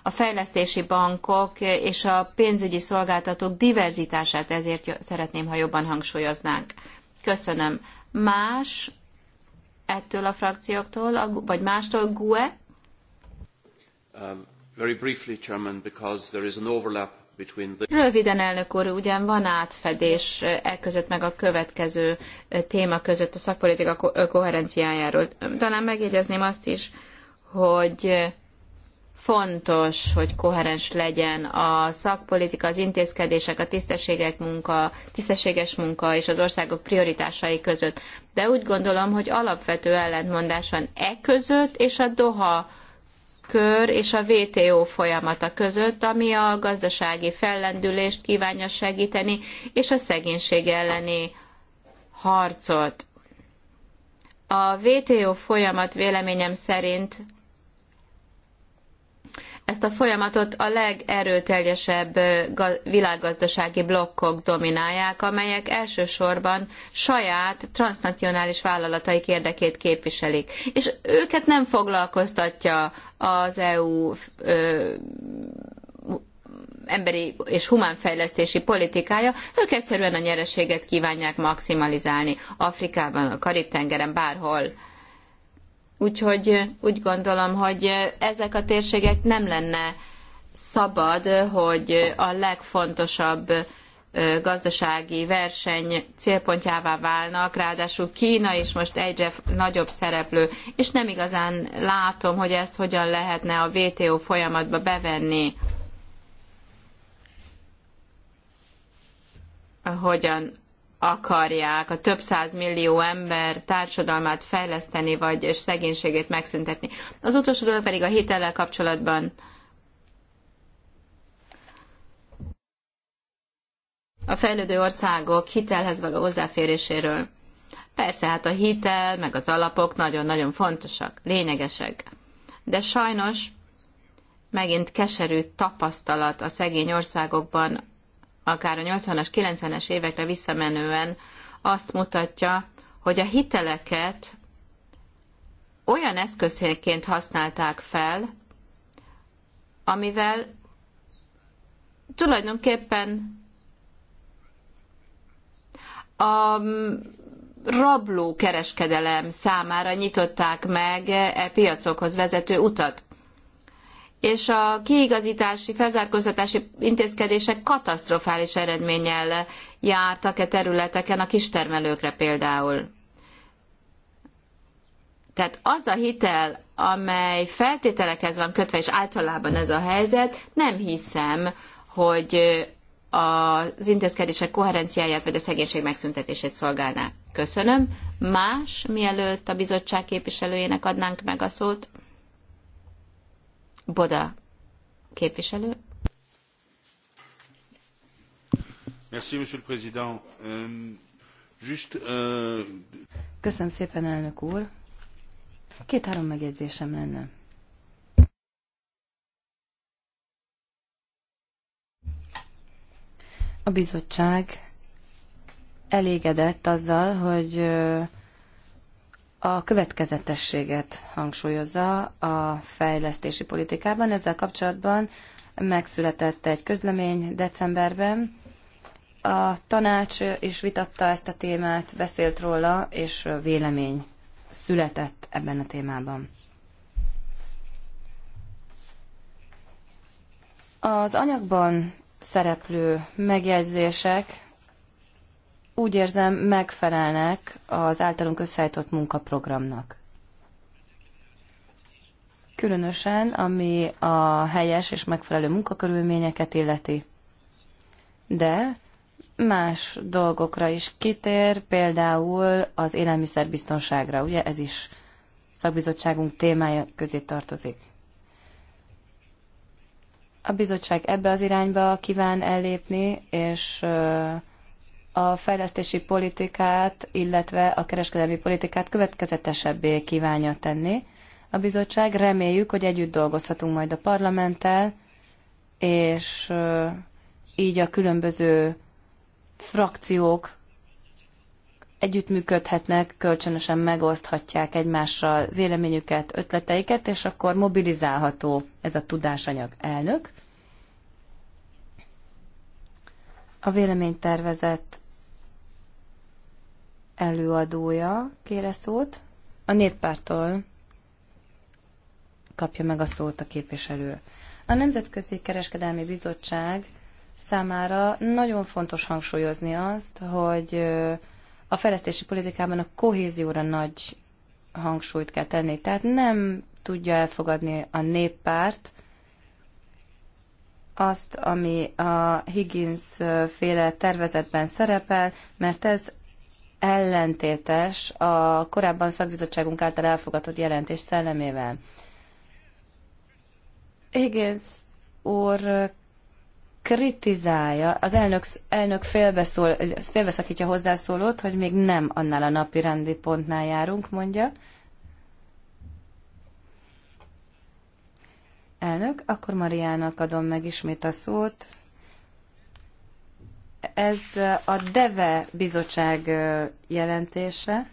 a fejlesztési bankok és a pénzügyi szolgáltatók diverzitását ezért szeretném, ha jobban hangsúlyoznánk. Köszönöm. Más ettől a frakcióktól, vagy mástól GUE? Um, very briefly, Chairman, because there is an overlap Röviden, elnök úr, ugyan van átfedés e között meg a következő e, téma között a szakpolitika e, koherenciájáról. Talán megjegyezném azt is, hogy fontos, hogy koherens legyen a szakpolitika, az intézkedések, a tisztességek munka, tisztességes munka és az országok prioritásai között. De úgy gondolom, hogy alapvető ellentmondás van e között és a Doha kör és a WTO folyamata között, ami a gazdasági fellendülést kívánja segíteni, és a szegénység elleni harcot. A WTO folyamat véleményem szerint ezt a folyamatot a legerőteljesebb világgazdasági blokkok dominálják, amelyek elsősorban saját transnacionális vállalataik érdekét képviselik. És őket nem foglalkoztatja az EU ö, emberi és humánfejlesztési politikája, ők egyszerűen a nyereséget kívánják maximalizálni Afrikában, a Karib-tengeren, bárhol Úgyhogy úgy gondolom, hogy ezek a térségek nem lenne szabad, hogy a legfontosabb gazdasági verseny célpontjává válnak, ráadásul Kína is most egyre nagyobb szereplő, és nem igazán látom, hogy ezt hogyan lehetne a WTO folyamatba bevenni. Hogyan akarják a több száz millió ember társadalmát fejleszteni, vagy szegénységét megszüntetni. Az utolsó dolog pedig a hitellel kapcsolatban. A fejlődő országok hitelhez való hozzáféréséről. Persze, hát a hitel, meg az alapok nagyon-nagyon fontosak, lényegesek. De sajnos megint keserű tapasztalat a szegény országokban akár a 80-as, 90-es évekre visszamenően azt mutatja, hogy a hiteleket olyan eszközként használták fel, amivel tulajdonképpen a mm, rabló kereskedelem számára nyitották meg e piacokhoz vezető utat és a kiigazítási, felzárkóztatási intézkedések katasztrofális eredménnyel jártak-e területeken a kistermelőkre például. Tehát az a hitel, amely feltételekhez van kötve, és általában ez a helyzet, nem hiszem, hogy az intézkedések koherenciáját vagy a szegénység megszüntetését szolgálná. Köszönöm. Más, mielőtt a bizottság képviselőjének adnánk meg a szót? Boda képviselő. Merci, monsieur le président. Um, euh, just, uh... Köszönöm szépen, elnök úr. Két-három megjegyzésem lenne. A bizottság elégedett azzal, hogy a következetességet hangsúlyozza a fejlesztési politikában. Ezzel kapcsolatban megszületett egy közlemény decemberben. A tanács is vitatta ezt a témát, beszélt róla, és vélemény született ebben a témában. Az anyagban szereplő megjegyzések úgy érzem megfelelnek az általunk összeállított munkaprogramnak. Különösen, ami a helyes és megfelelő munkakörülményeket illeti. De más dolgokra is kitér, például az élelmiszerbiztonságra, ugye ez is szakbizottságunk témája közé tartozik. A bizottság ebbe az irányba kíván ellépni, és a fejlesztési politikát, illetve a kereskedelmi politikát következetesebbé kívánja tenni. A bizottság reméljük, hogy együtt dolgozhatunk majd a parlamenttel, és így a különböző frakciók együttműködhetnek, kölcsönösen megoszthatják egymással véleményüket, ötleteiket, és akkor mobilizálható ez a tudásanyag elnök. A véleménytervezet előadója kére szót. A néppártól kapja meg a szót a képviselő. A Nemzetközi Kereskedelmi Bizottság számára nagyon fontos hangsúlyozni azt, hogy a fejlesztési politikában a kohézióra nagy hangsúlyt kell tenni. Tehát nem tudja elfogadni a néppárt azt, ami a Higgins féle tervezetben szerepel, mert ez ellentétes a korábban szakbizottságunk által elfogadott jelentés szellemével. Higgins úr kritizálja, az elnök, elnök félbeszól, félbeszakítja hozzászólót, hogy még nem annál a napi rendi pontnál járunk, mondja. Elnök, akkor Mariának adom meg ismét a szót. Ez a DEVE bizottság jelentése.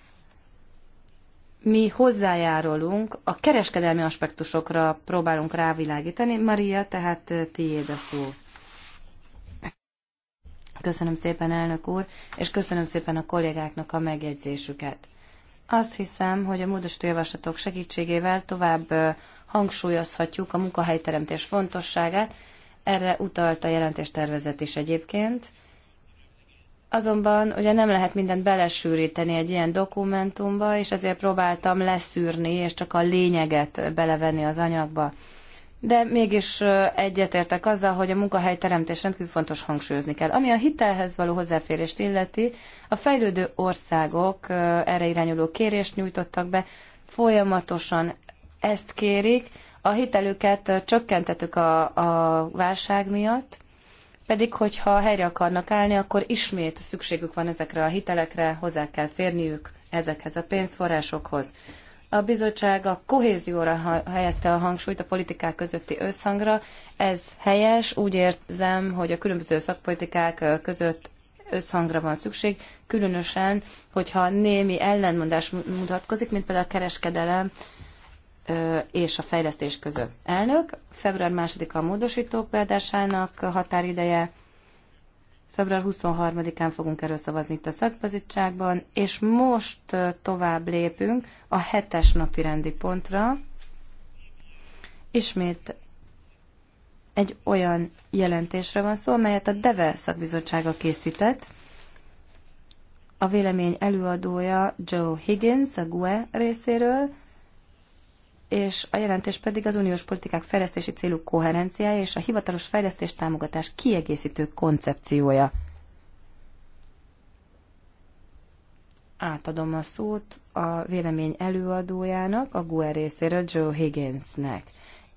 Mi hozzájárulunk, a kereskedelmi aspektusokra próbálunk rávilágítani. Maria, tehát tiéd a szó. Köszönöm szépen, elnök úr, és köszönöm szépen a kollégáknak a megjegyzésüket. Azt hiszem, hogy a módosító javaslatok segítségével tovább hangsúlyozhatjuk a munkahelyteremtés fontosságát, erre utalt a jelentéstervezet is egyébként, Azonban ugye nem lehet mindent belesűríteni egy ilyen dokumentumba, és ezért próbáltam leszűrni, és csak a lényeget belevenni az anyagba. De mégis egyetértek azzal, hogy a munkahely teremtés rendkívül fontos hangsúlyozni kell. Ami a hitelhez való hozzáférést illeti, a fejlődő országok erre irányuló kérést nyújtottak be, folyamatosan ezt kérik, a hitelüket csökkentettük a, a válság miatt, pedig hogyha helyre akarnak állni, akkor ismét szükségük van ezekre a hitelekre, hozzá kell férniük ezekhez a pénzforrásokhoz. A bizottság a kohézióra helyezte a hangsúlyt, a politikák közötti összhangra. Ez helyes, úgy érzem, hogy a különböző szakpolitikák között összhangra van szükség, különösen, hogyha némi ellenmondás mutatkozik, mint például a kereskedelem és a fejlesztés között. Elnök, február 2-a a módosítók beadásának határideje, február 23-án fogunk erről szavazni itt a szakbizottságban, és most tovább lépünk a hetes napi rendi pontra. Ismét egy olyan jelentésre van szó, melyet a DEVE szakbizottsága készített. A vélemény előadója Joe Higgins a GUE részéről, és a jelentés pedig az uniós politikák fejlesztési célú koherenciája és a hivatalos fejlesztés támogatás kiegészítő koncepciója. Átadom a szót a vélemény előadójának, a GUE részéről Joe Higginsnek.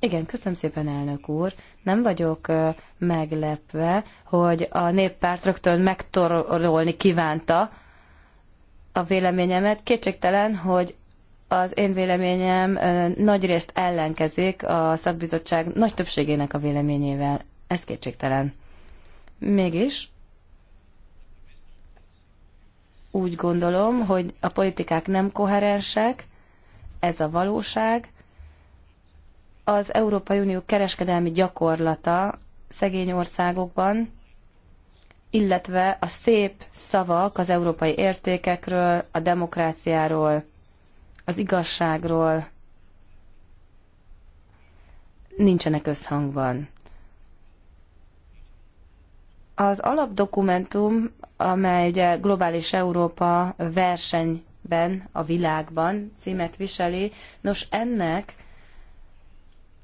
Igen, köszönöm szépen, elnök úr. Nem vagyok meglepve, hogy a néppárt rögtön megtorolni kívánta a véleményemet. Kétségtelen, hogy az én véleményem nagyrészt ellenkezik a szakbizottság nagy többségének a véleményével. Ez kétségtelen. Mégis úgy gondolom, hogy a politikák nem koherensek, ez a valóság. Az Európai Unió kereskedelmi gyakorlata szegény országokban, illetve a szép szavak az európai értékekről, a demokráciáról, az igazságról nincsenek összhangban. Az alapdokumentum, amely ugye Globális Európa versenyben, a világban címet viseli, nos ennek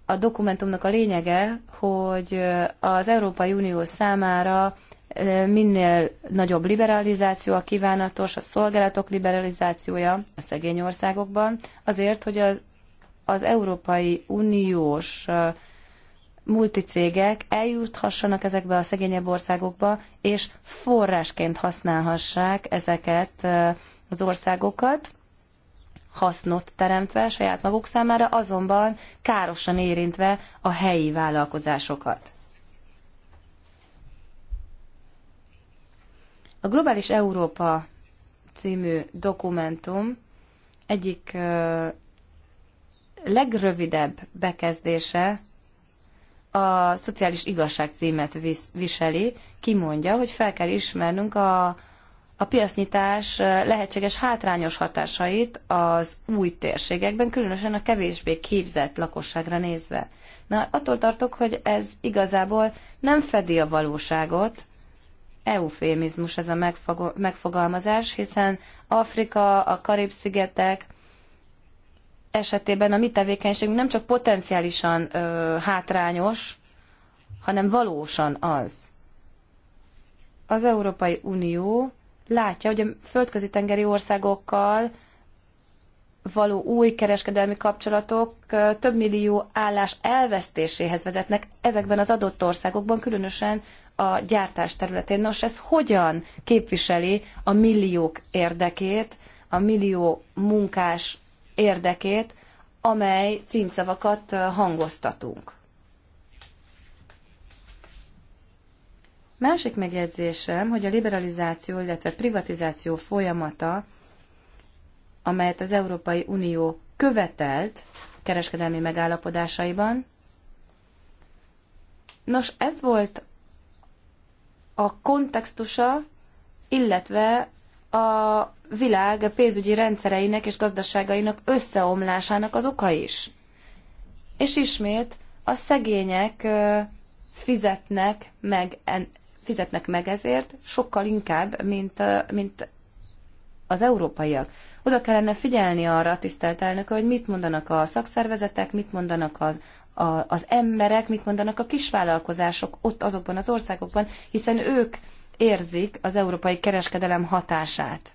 a dokumentumnak a lényege, hogy az Európai Unió számára minél nagyobb liberalizáció a kívánatos, a szolgálatok liberalizációja a szegény országokban, azért, hogy az, az Európai Uniós multicégek eljuthassanak ezekbe a szegényebb országokba, és forrásként használhassák ezeket az országokat, hasznot teremtve saját maguk számára, azonban károsan érintve a helyi vállalkozásokat. A Globális Európa című dokumentum egyik legrövidebb bekezdése a Szociális Igazság címet viseli, kimondja, hogy fel kell ismernünk a, a piacnyitás lehetséges hátrányos hatásait az új térségekben, különösen a kevésbé képzett lakosságra nézve. Na, attól tartok, hogy ez igazából nem fedi a valóságot, eufémizmus ez a megfogalmazás, hiszen Afrika, a Karib-szigetek esetében a mi tevékenységünk nem csak potenciálisan ö, hátrányos, hanem valósan az. Az Európai Unió látja, hogy a földközi tengeri országokkal való új kereskedelmi kapcsolatok több millió állás elvesztéséhez vezetnek ezekben az adott országokban, különösen a gyártás területén. Nos, ez hogyan képviseli a milliók érdekét, a millió munkás érdekét, amely címszavakat hangoztatunk. Másik megjegyzésem, hogy a liberalizáció, illetve privatizáció folyamata, amelyet az Európai Unió követelt kereskedelmi megállapodásaiban, nos, ez volt a kontextusa, illetve a világ pénzügyi rendszereinek és gazdaságainak összeomlásának az oka is. És ismét a szegények fizetnek meg, fizetnek meg ezért sokkal inkább, mint, mint az európaiak. Oda kellene figyelni arra, tisztelt elnök, hogy mit mondanak a szakszervezetek, mit mondanak az a, az emberek, mit mondanak a kisvállalkozások ott azokban az országokban, hiszen ők érzik az európai kereskedelem hatását.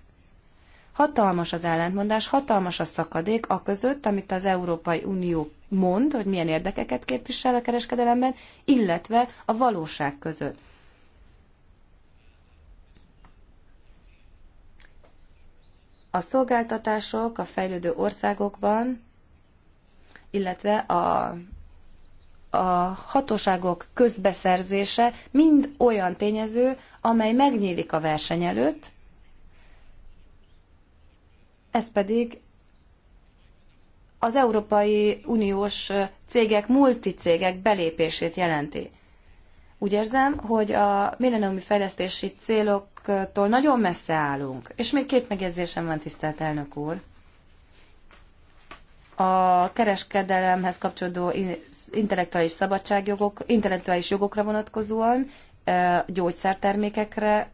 Hatalmas az ellentmondás, hatalmas a szakadék a között, amit az Európai Unió mond, hogy milyen érdekeket képvisel a kereskedelemben, illetve a valóság között. A szolgáltatások a fejlődő országokban, illetve a a hatóságok közbeszerzése mind olyan tényező, amely megnyílik a verseny előtt, ez pedig az Európai Uniós cégek, multicégek belépését jelenti. Úgy érzem, hogy a milleniumi fejlesztési céloktól nagyon messze állunk. És még két megjegyzésem van, tisztelt elnök úr a kereskedelemhez kapcsolódó intellektuális szabadságjogok, intellektuális jogokra vonatkozóan, gyógyszertermékekre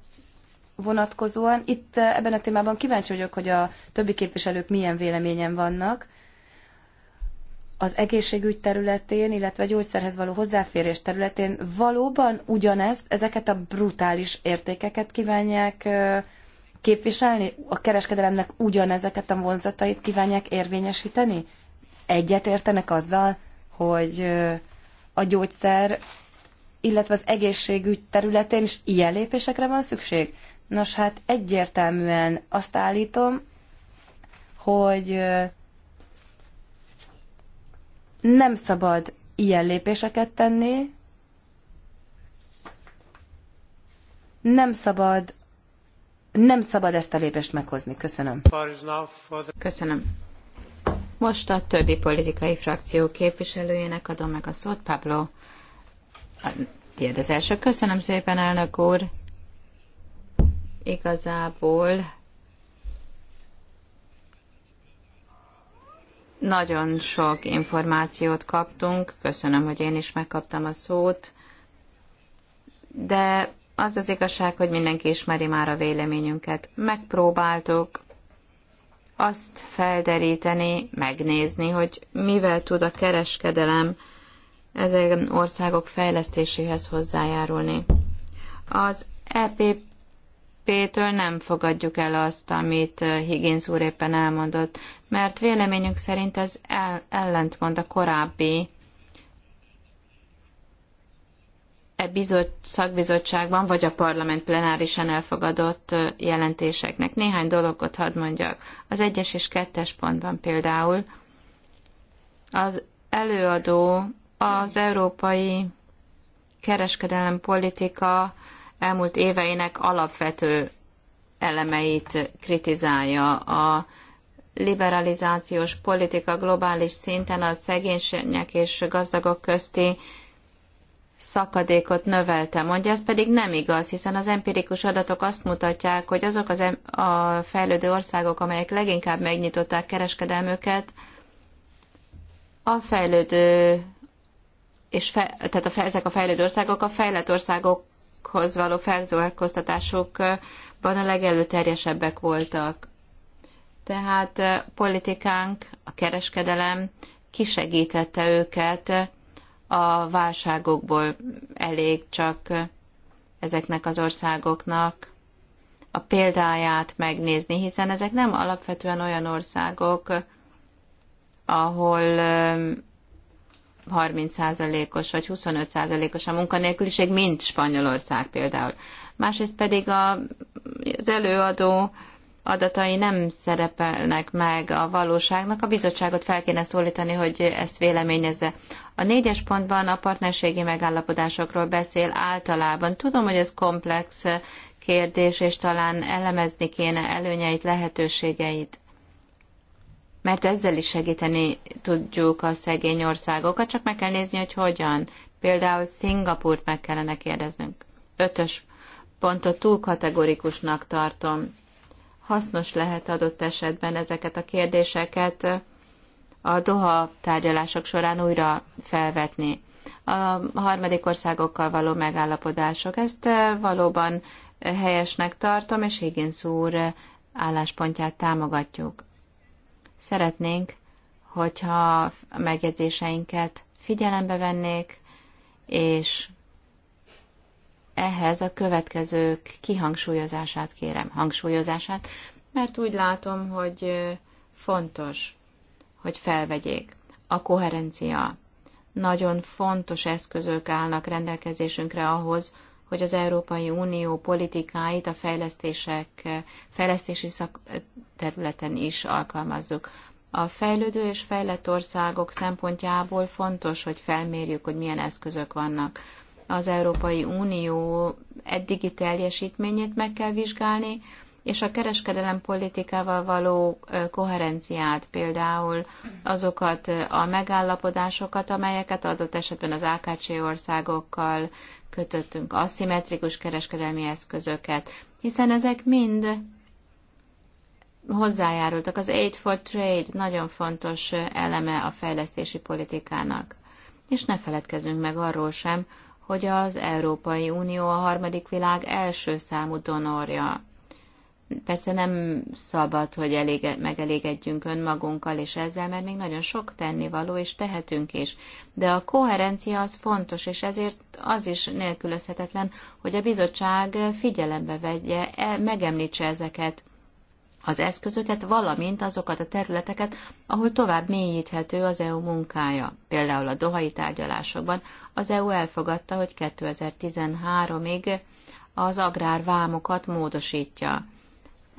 vonatkozóan. Itt ebben a témában kíváncsi vagyok, hogy a többi képviselők milyen véleményen vannak az egészségügy területén, illetve a gyógyszerhez való hozzáférés területén valóban ugyanezt, ezeket a brutális értékeket kívánják képviselni? A kereskedelemnek ugyanezeket a vonzatait kívánják érvényesíteni? Egyet értenek azzal, hogy a gyógyszer, illetve az egészségügy területén is ilyen lépésekre van szükség? Nos, hát egyértelműen azt állítom, hogy nem szabad ilyen lépéseket tenni, nem szabad nem szabad ezt a lépést meghozni. Köszönöm. Köszönöm. Most a többi politikai frakció képviselőjének adom meg a szót. Pablo, tiéd az első. Köszönöm szépen, elnök úr. Igazából nagyon sok információt kaptunk. Köszönöm, hogy én is megkaptam a szót. De az az igazság, hogy mindenki ismeri már a véleményünket. Megpróbáltuk azt felderíteni, megnézni, hogy mivel tud a kereskedelem ezen országok fejlesztéséhez hozzájárulni. Az EPP-től nem fogadjuk el azt, amit eh, Higgins úr éppen elmondott, mert véleményünk szerint ez ellentmond a korábbi e bizot, szakbizottságban vagy a parlament plenárisan elfogadott jelentéseknek. Néhány dologot hadd mondjak. Az egyes és kettes pontban például az előadó az európai kereskedelem politika elmúlt éveinek alapvető elemeit kritizálja a liberalizációs politika globális szinten a szegények és gazdagok közti szakadékot növelte, mondja, ez pedig nem igaz, hiszen az empirikus adatok azt mutatják, hogy azok az a fejlődő országok, amelyek leginkább megnyitották kereskedelmüket, a fejlődő, és fe, tehát a, ezek a fejlődő országok a fejlett országokhoz való felzorkoztatásokban a legelőterjesebbek voltak. Tehát eh, politikánk, a kereskedelem kisegítette őket, a válságokból elég csak ezeknek az országoknak a példáját megnézni, hiszen ezek nem alapvetően olyan országok, ahol 30%-os vagy 25%-os a munkanélküliség, mint Spanyolország például. Másrészt pedig a, az előadó adatai nem szerepelnek meg a valóságnak, a bizottságot fel kéne szólítani, hogy ezt véleményezze. A négyes pontban a partnerségi megállapodásokról beszél általában. Tudom, hogy ez komplex kérdés, és talán elemezni kéne előnyeit, lehetőségeit. Mert ezzel is segíteni tudjuk a szegény országokat, csak meg kell nézni, hogy hogyan. Például Szingapurt meg kellene kérdeznünk. Ötös pontot túl kategorikusnak tartom hasznos lehet adott esetben ezeket a kérdéseket a Doha tárgyalások során újra felvetni. A harmadik országokkal való megállapodások. Ezt eh, valóban helyesnek tartom, és Higgins úr álláspontját támogatjuk. Szeretnénk, hogyha a megjegyzéseinket figyelembe vennék, és ehhez a következők kihangsúlyozását kérem, hangsúlyozását, mert úgy látom, hogy fontos, hogy felvegyék. A koherencia. Nagyon fontos eszközök állnak rendelkezésünkre ahhoz, hogy az Európai Unió politikáit a fejlesztések, fejlesztési szakterületen is alkalmazzuk. A fejlődő és fejlett országok szempontjából fontos, hogy felmérjük, hogy milyen eszközök vannak az Európai Unió eddigi teljesítményét meg kell vizsgálni, és a kereskedelem politikával való koherenciát, például azokat a megállapodásokat, amelyeket adott esetben az AKC országokkal kötöttünk, aszimmetrikus kereskedelmi eszközöket, hiszen ezek mind hozzájárultak. Az Aid for Trade nagyon fontos eleme a fejlesztési politikának. És ne feledkezzünk meg arról sem, hogy az Európai Unió a harmadik világ első számú donorja. Persze nem szabad, hogy elége, megelégedjünk önmagunkkal és ezzel, mert még nagyon sok tennivaló, és tehetünk is. De a koherencia az fontos, és ezért az is nélkülözhetetlen, hogy a bizottság figyelembe vegye, e, megemlítse ezeket az eszközöket, valamint azokat a területeket, ahol tovább mélyíthető az EU munkája. Például a dohai tárgyalásokban az EU elfogadta, hogy 2013-ig az agrárvámokat módosítja.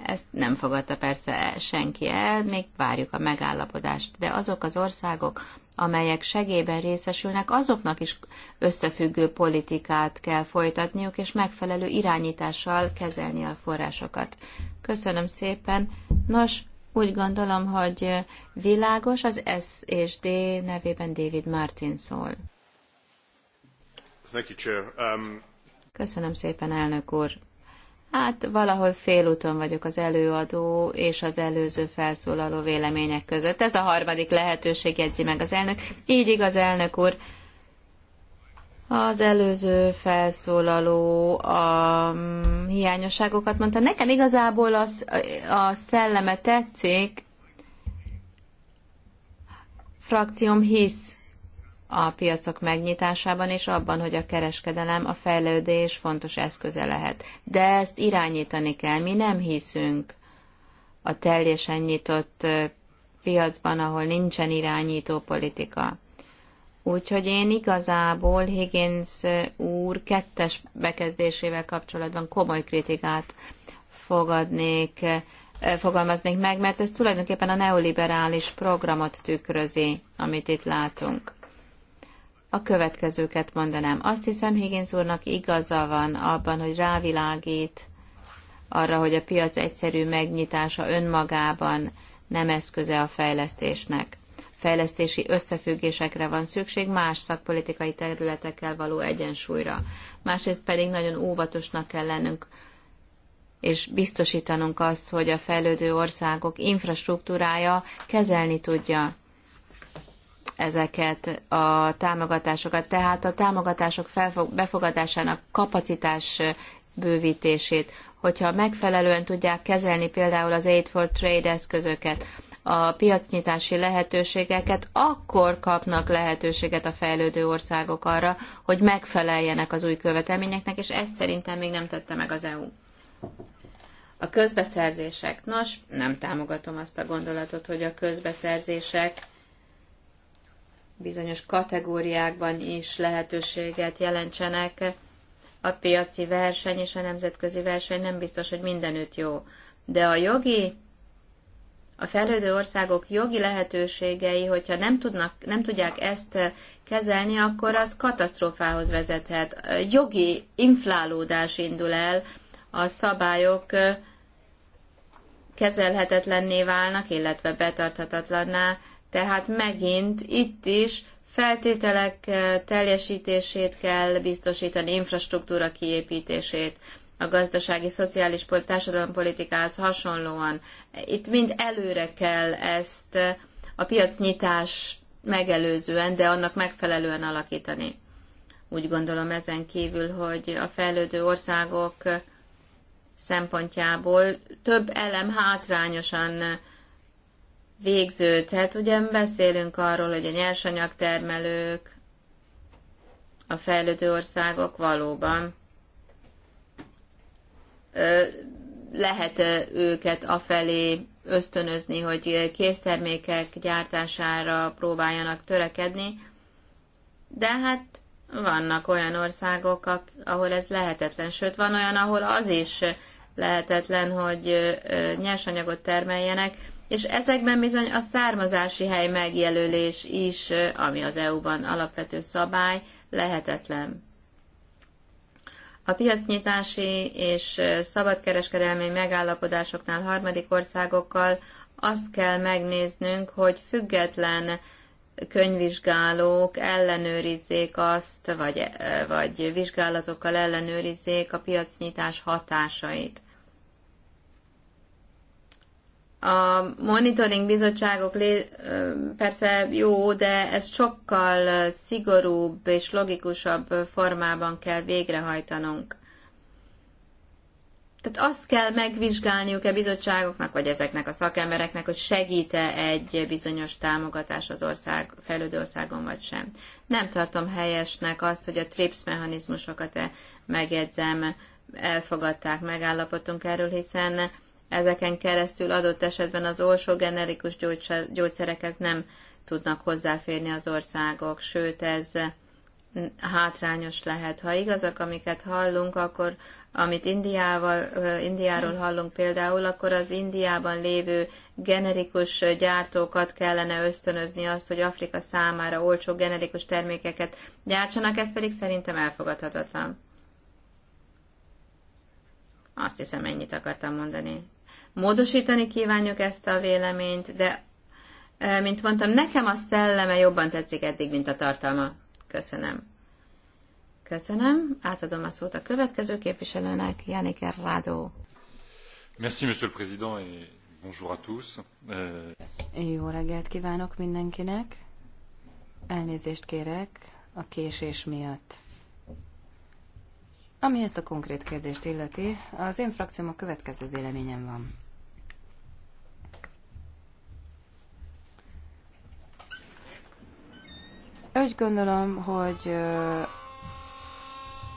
Ezt nem fogadta persze senki el, még várjuk a megállapodást, de azok az országok, amelyek segélyben részesülnek, azoknak is összefüggő politikát kell folytatniuk, és megfelelő irányítással kezelni a forrásokat. Köszönöm szépen. Nos, úgy gondolom, hogy világos az S és D nevében David Martin szól. Um, Köszönöm szépen, elnök úr. Hát valahol félúton vagyok az előadó és az előző felszólaló vélemények között. Ez a harmadik lehetőség, jegyzi meg az elnök. Így igaz, elnök úr. Az előző felszólaló a um, hiányosságokat mondta. Nekem igazából az, a szelleme tetszik. Frakcióm hisz a piacok megnyitásában és abban, hogy a kereskedelem a fejlődés fontos eszköze lehet. De ezt irányítani kell. Mi nem hiszünk a teljesen nyitott piacban, ahol nincsen irányító politika. Úgyhogy én igazából Higgins úr kettes bekezdésével kapcsolatban komoly kritikát fogadnék, fogalmaznék meg, mert ez tulajdonképpen a neoliberális programot tükrözi, amit itt látunk a következőket mondanám. Azt hiszem, Higgins úrnak igaza van abban, hogy rávilágít arra, hogy a piac egyszerű megnyitása önmagában nem eszköze a fejlesztésnek. Fejlesztési összefüggésekre van szükség más szakpolitikai területekkel való egyensúlyra. Másrészt pedig nagyon óvatosnak kell lennünk, és biztosítanunk azt, hogy a fejlődő országok infrastruktúrája kezelni tudja ezeket a támogatásokat. Tehát a támogatások befogadásának kapacitás bővítését, hogyha megfelelően tudják kezelni például az Aid for Trade eszközöket, a piacnyitási lehetőségeket, akkor kapnak lehetőséget a fejlődő országok arra, hogy megfeleljenek az új követelményeknek, és ezt szerintem még nem tette meg az EU. A közbeszerzések. Nos, nem támogatom azt a gondolatot, hogy a közbeszerzések bizonyos kategóriákban is lehetőséget jelentsenek. A piaci verseny és a nemzetközi verseny nem biztos, hogy mindenütt jó. De a jogi, a fejlődő országok jogi lehetőségei, hogyha nem, tudnak, nem tudják ezt kezelni, akkor az katasztrófához vezethet. Jogi inflálódás indul el, a szabályok kezelhetetlenné válnak, illetve betarthatatlanná, tehát megint itt is feltételek eh, teljesítését kell biztosítani, infrastruktúra kiépítését, a gazdasági, szociális, társadalompolitikához hasonlóan. Itt mind előre kell ezt eh, a piacnyitást megelőzően, de annak megfelelően alakítani. Úgy gondolom ezen kívül, hogy a fejlődő országok eh, szempontjából több elem hátrányosan Hát Ugye beszélünk arról, hogy a nyersanyagtermelők, a fejlődő országok valóban lehet őket afelé ösztönözni, hogy késztermékek gyártására próbáljanak törekedni, de hát vannak olyan országok, ahol ez lehetetlen, sőt van olyan, ahol az is lehetetlen, hogy nyersanyagot termeljenek, és ezekben bizony a származási hely megjelölés is, ami az EU-ban alapvető szabály, lehetetlen. A piacnyitási és szabadkereskedelmi megállapodásoknál harmadik országokkal azt kell megnéznünk, hogy független könyvvizsgálók ellenőrizzék azt, vagy, vagy vizsgálatokkal ellenőrizzék a piacnyitás hatásait. A monitoring bizottságok persze jó, de ez sokkal szigorúbb és logikusabb formában kell végrehajtanunk. Tehát azt kell megvizsgálniuk-e bizottságoknak, vagy ezeknek a szakembereknek, hogy segíte egy bizonyos támogatás az ország, fejlődő országon, vagy sem. Nem tartom helyesnek azt, hogy a TRIPS mechanizmusokat megjegyzem, elfogadták, megállapodtunk erről, hiszen ezeken keresztül adott esetben az orsó generikus gyógyszerekhez nem tudnak hozzáférni az országok, sőt ez hátrányos lehet. Ha igazak, amiket hallunk, akkor amit Indiával, Indiáról hallunk például, akkor az Indiában lévő generikus gyártókat kellene ösztönözni azt, hogy Afrika számára olcsó generikus termékeket gyártsanak, ez pedig szerintem elfogadhatatlan. Azt hiszem, ennyit akartam mondani módosítani kívánjuk ezt a véleményt, de mint mondtam, nekem a szelleme jobban tetszik eddig, mint a tartalma. Köszönöm. Köszönöm. Átadom a szót a következő képviselőnek, Janik Errádó. Merci, monsieur le président, et bonjour à tous. Euh, Jó reggelt kívánok mindenkinek. Elnézést kérek a késés miatt. Ami ezt a konkrét kérdést illeti, az én frakcióm a következő véleményem van. Úgy gondolom, hogy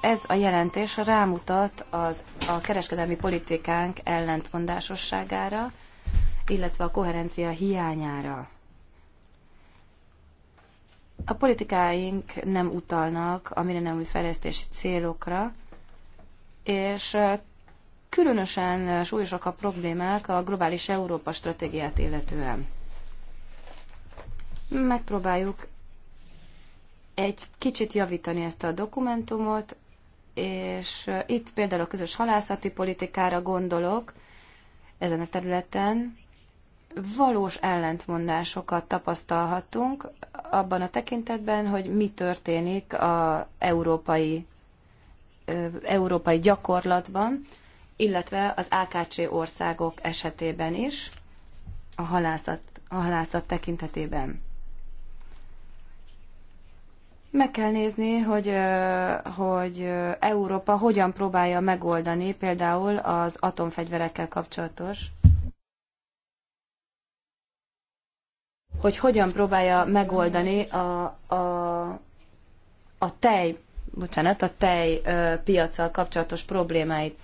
ez a jelentés rámutat az, a kereskedelmi politikánk ellentmondásosságára, illetve a koherencia hiányára. A politikáink nem utalnak a millenniumi fejlesztési célokra, és különösen súlyosak a problémák a globális Európa stratégiát illetően. Megpróbáljuk egy kicsit javítani ezt a dokumentumot, és itt például a közös halászati politikára gondolok ezen a területen, valós ellentmondásokat tapasztalhatunk abban a tekintetben, hogy mi történik a európai, európai gyakorlatban, illetve az AKC országok esetében is a halászat, a halászat tekintetében. Meg kell nézni, hogy, hogy Európa hogyan próbálja megoldani például az atomfegyverekkel kapcsolatos hogy hogyan próbálja megoldani a, a, a tej, bocsánat, a tej piacsal kapcsolatos problémáit.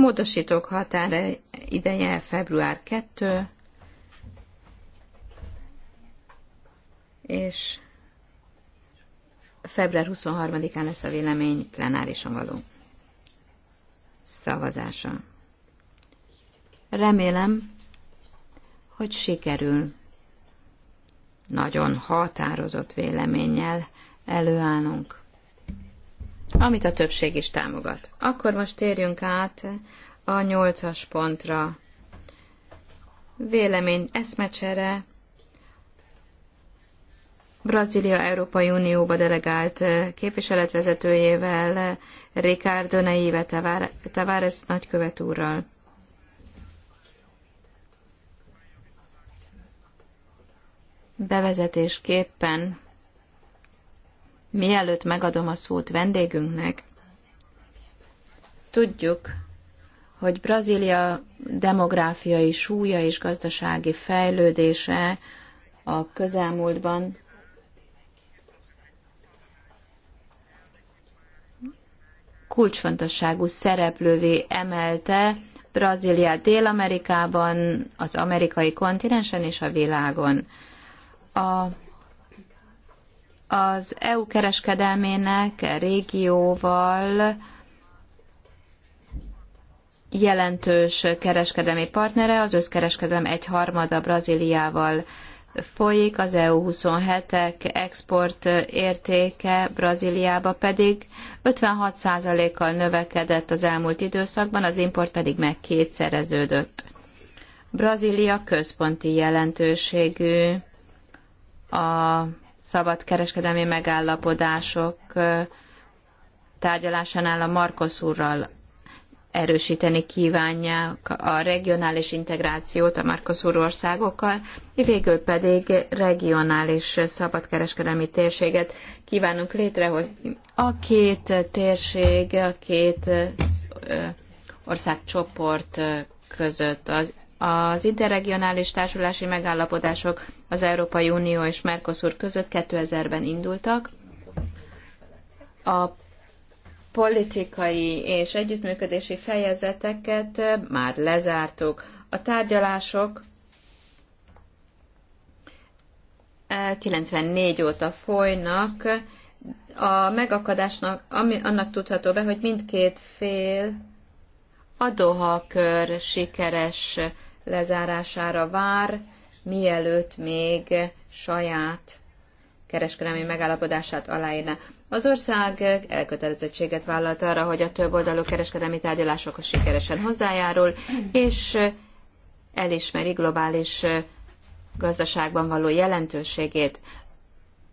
Módosítók határa ideje február 2, és február 23-án lesz a vélemény plenárison való szavazása. Remélem, hogy sikerül nagyon határozott véleménnyel előállnunk amit a többség is támogat. Akkor most térjünk át a nyolcas pontra. Vélemény eszmecsere Brazília Európai Unióba delegált eh, képviseletvezetőjével, eh, Ricardo Neive Tavares nagykövet úrral. Bevezetésképpen Mielőtt megadom a szót vendégünknek, tudjuk, hogy Brazília demográfiai súlya és gazdasági fejlődése a közelmúltban kulcsfontosságú szereplővé emelte Brazíliát Dél-Amerikában, az amerikai kontinensen és a világon. A az EU kereskedelmének régióval jelentős kereskedelmi partnere, az összkereskedelem egyharmada Brazíliával folyik, az EU27-ek export értéke Brazíliába pedig 56%-kal növekedett az elmúlt időszakban, az import pedig meg kétszereződött. Brazília központi jelentőségű a szabad kereskedelmi megállapodások tárgyalásánál a Markos úrral erősíteni kívánják a regionális integrációt a Markos úr országokkal, végül pedig regionális szabadkereskedelmi térséget kívánunk létrehozni. A két térség, a két országcsoport között az az interregionális társulási megállapodások az Európai Unió és Mercosur között 2000-ben indultak. A politikai és együttműködési fejezeteket már lezártuk. A tárgyalások 94 óta folynak. A megakadásnak ami, annak tudható be, hogy mindkét fél a Doha kör sikeres lezárására vár, mielőtt még saját kereskedelmi megállapodását aláírná. Az ország elkötelezettséget vállalt arra, hogy a többoldalú kereskedelmi tárgyalásokhoz sikeresen hozzájárul, és elismeri globális gazdaságban való jelentőségét.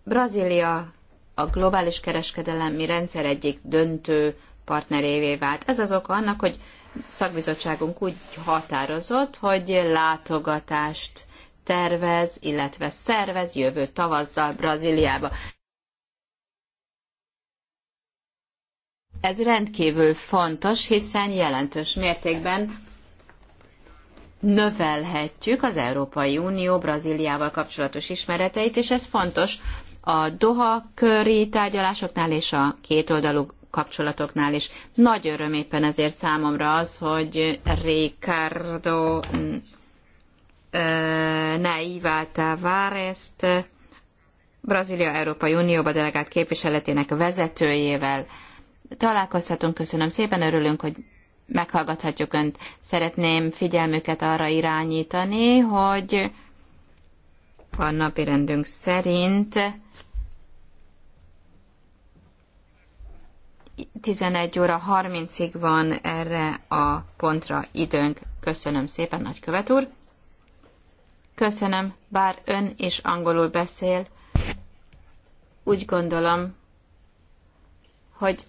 Brazília a globális kereskedelmi rendszer egyik döntő partnerévé vált. Ez az oka annak, hogy szakbizottságunk úgy határozott, hogy látogatást tervez, illetve szervez jövő tavazzal Brazíliába. Ez rendkívül fontos, hiszen jelentős mértékben növelhetjük az Európai Unió Brazíliával kapcsolatos ismereteit, és ez fontos a Doha köri tárgyalásoknál és a kétoldalú kapcsolatoknál is. Nagy öröm éppen ezért számomra az, hogy Ricardo mm, Naiva Tavares-t Brazília Európai Unióba delegált képviseletének vezetőjével találkozhatunk. Köszönöm szépen, örülünk, hogy meghallgathatjuk Önt. Szeretném figyelmüket arra irányítani, hogy a napirendünk szerint 11 óra 30-ig van erre a pontra időnk. Köszönöm szépen, nagykövet úr. Köszönöm, bár ön is angolul beszél, úgy gondolom, hogy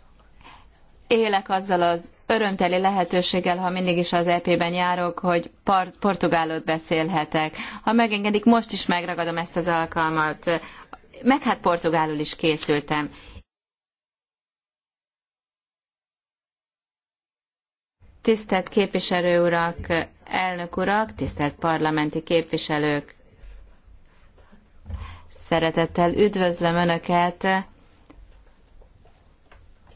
élek azzal az örömteli lehetőséggel, ha mindig is az EP-ben járok, hogy part, portugálot beszélhetek. Ha megengedik, most is megragadom ezt az alkalmat. Meg hát portugálul is készültem. Tisztelt képviselő urak, elnök urak, tisztelt parlamenti képviselők! Szeretettel üdvözlöm Önöket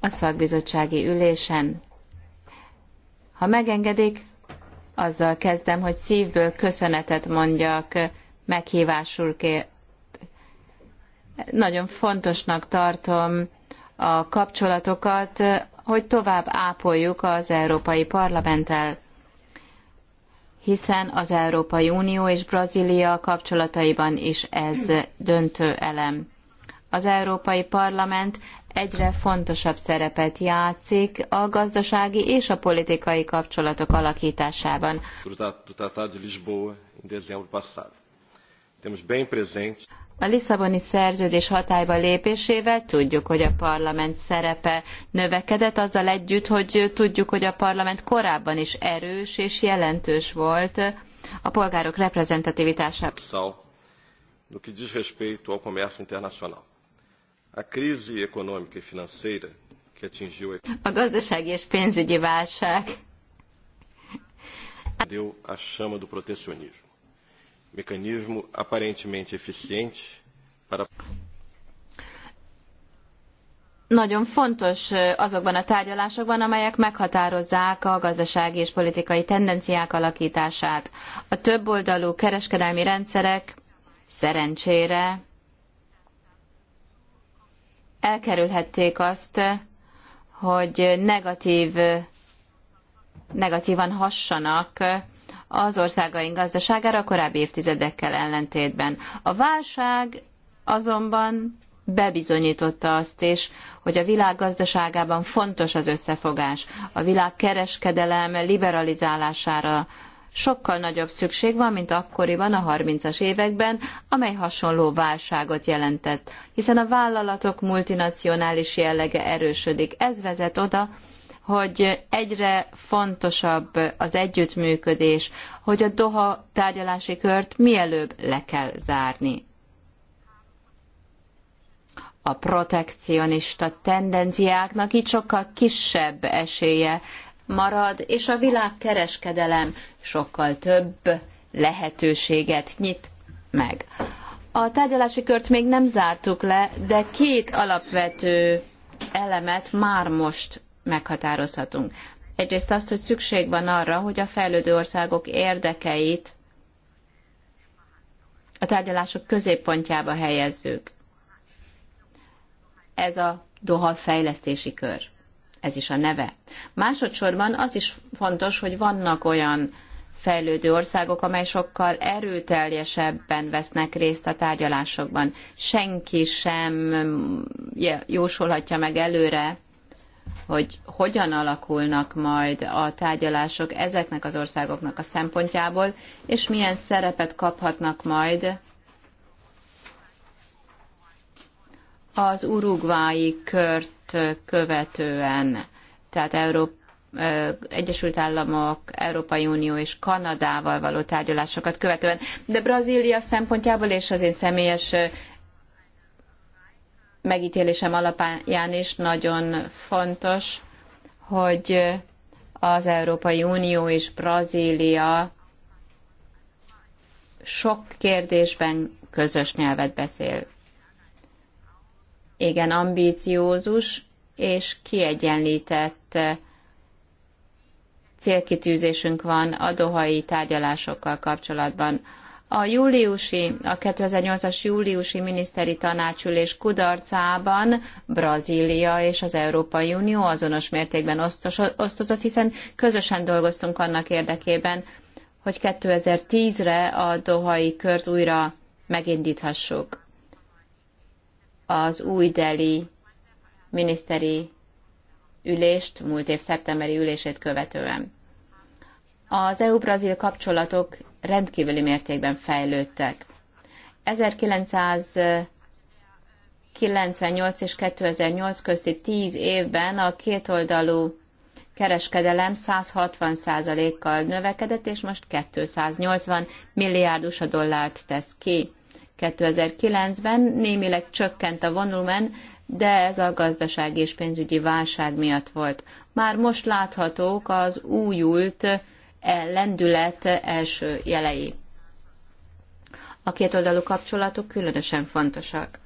a szakbizottsági ülésen. Ha megengedik, azzal kezdem, hogy szívből köszönetet mondjak meghívásulként. Nagyon fontosnak tartom a kapcsolatokat hogy tovább ápoljuk az Európai Parlamenttel, hiszen az Európai Unió és Brazília kapcsolataiban is ez döntő elem. Az Európai Parlament egyre fontosabb szerepet játszik a gazdasági és a politikai kapcsolatok alakításában. A Lisszaboni szerződés hatályba lépésével tudjuk, hogy a parlament szerepe növekedett, azzal együtt, hogy tudjuk, hogy a parlament korábban is erős és jelentős volt a polgárok reprezentativitásában. No que diz respeito ao comércio internacional. A crise econômica e financeira que atingiu a gazdasági és pénzügyi válság deu a chama do protecionismo mecanismo aparentemente eficiente para. Nagyon fontos azokban a tárgyalásokban, amelyek meghatározzák a gazdasági és politikai tendenciák alakítását. A többoldalú kereskedelmi rendszerek szerencsére elkerülhették azt, hogy negatív, negatívan hassanak az országaink gazdaságára a korábbi évtizedekkel ellentétben. A válság azonban bebizonyította azt is, hogy a világ gazdaságában fontos az összefogás. A világ kereskedelem liberalizálására sokkal nagyobb szükség van, mint akkoriban a 30-as években, amely hasonló válságot jelentett, hiszen a vállalatok multinacionális jellege erősödik. Ez vezet oda, hogy egyre fontosabb az együttműködés, hogy a Doha tárgyalási kört mielőbb le kell zárni. A protekcionista tendenciáknak itt sokkal kisebb esélye marad, és a világkereskedelem sokkal több lehetőséget nyit meg. A tárgyalási kört még nem zártuk le, de két alapvető elemet már most meghatározhatunk. Egyrészt azt, hogy szükség van arra, hogy a fejlődő országok érdekeit a tárgyalások középpontjába helyezzük. Ez a Doha fejlesztési kör. Ez is a neve. Másodszorban az is fontos, hogy vannak olyan fejlődő országok, amely sokkal erőteljesebben vesznek részt a tárgyalásokban. Senki sem mm, jósolhatja meg előre, hogy hogyan alakulnak majd a tárgyalások ezeknek az országoknak a szempontjából, és milyen szerepet kaphatnak majd az urugvái kört követően, tehát Európa Egyesült Államok, Európai Unió és Kanadával való tárgyalásokat követően. De Brazília szempontjából és az én személyes megítélésem alapján is nagyon fontos, hogy az Európai Unió és Brazília sok kérdésben közös nyelvet beszél. Igen, ambíciózus és kiegyenlített célkitűzésünk van a dohai tárgyalásokkal kapcsolatban. A júliusi, a 2008-as júliusi miniszteri tanácsülés kudarcában Brazília és az Európai Unió azonos mértékben osztozott, hiszen közösen dolgoztunk annak érdekében, hogy 2010-re a dohai kört újra megindíthassuk. Az új Deli miniszteri ülést, múlt év szeptemberi ülését követően. Az EU-Brazil kapcsolatok rendkívüli mértékben fejlődtek. 1998 és 2008 közti 10 évben a kétoldalú kereskedelem 160%-kal növekedett, és most 280 milliárdus a dollárt tesz ki. 2009-ben némileg csökkent a volumen, de ez a gazdasági és pénzügyi válság miatt volt. Már most láthatók az újult E lendület első jelei. A kétoldalú kapcsolatok különösen fontosak.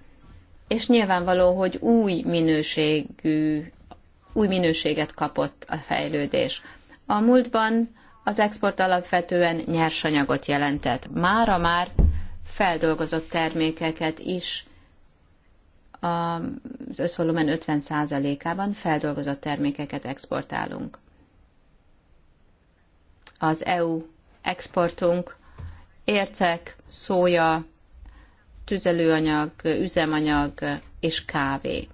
És nyilvánvaló, hogy új minőségű, új minőséget kapott a fejlődés. A múltban az export alapvetően nyersanyagot jelentett. Mára már feldolgozott termékeket is az összvolumen 50%-ában feldolgozott termékeket exportálunk az EU exportunk, ércek, szója, tüzelőanyag, üzemanyag és kávé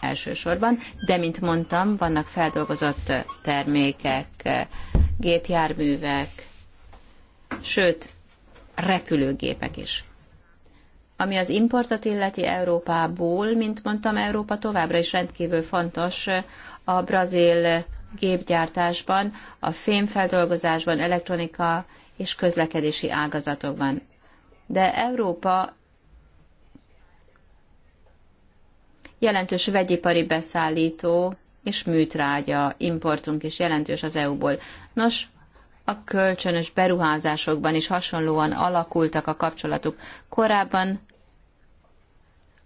elsősorban, de mint mondtam, vannak feldolgozott termékek, gépjárművek, sőt, repülőgépek is. Ami az importot illeti Európából, mint mondtam, Európa továbbra is rendkívül fontos a brazil gépgyártásban, a fémfeldolgozásban, elektronika és közlekedési ágazatokban. De Európa jelentős vegyipari beszállító és műtrágya importunk is jelentős az EU-ból. Nos, a kölcsönös beruházásokban is hasonlóan alakultak a kapcsolatuk Korábban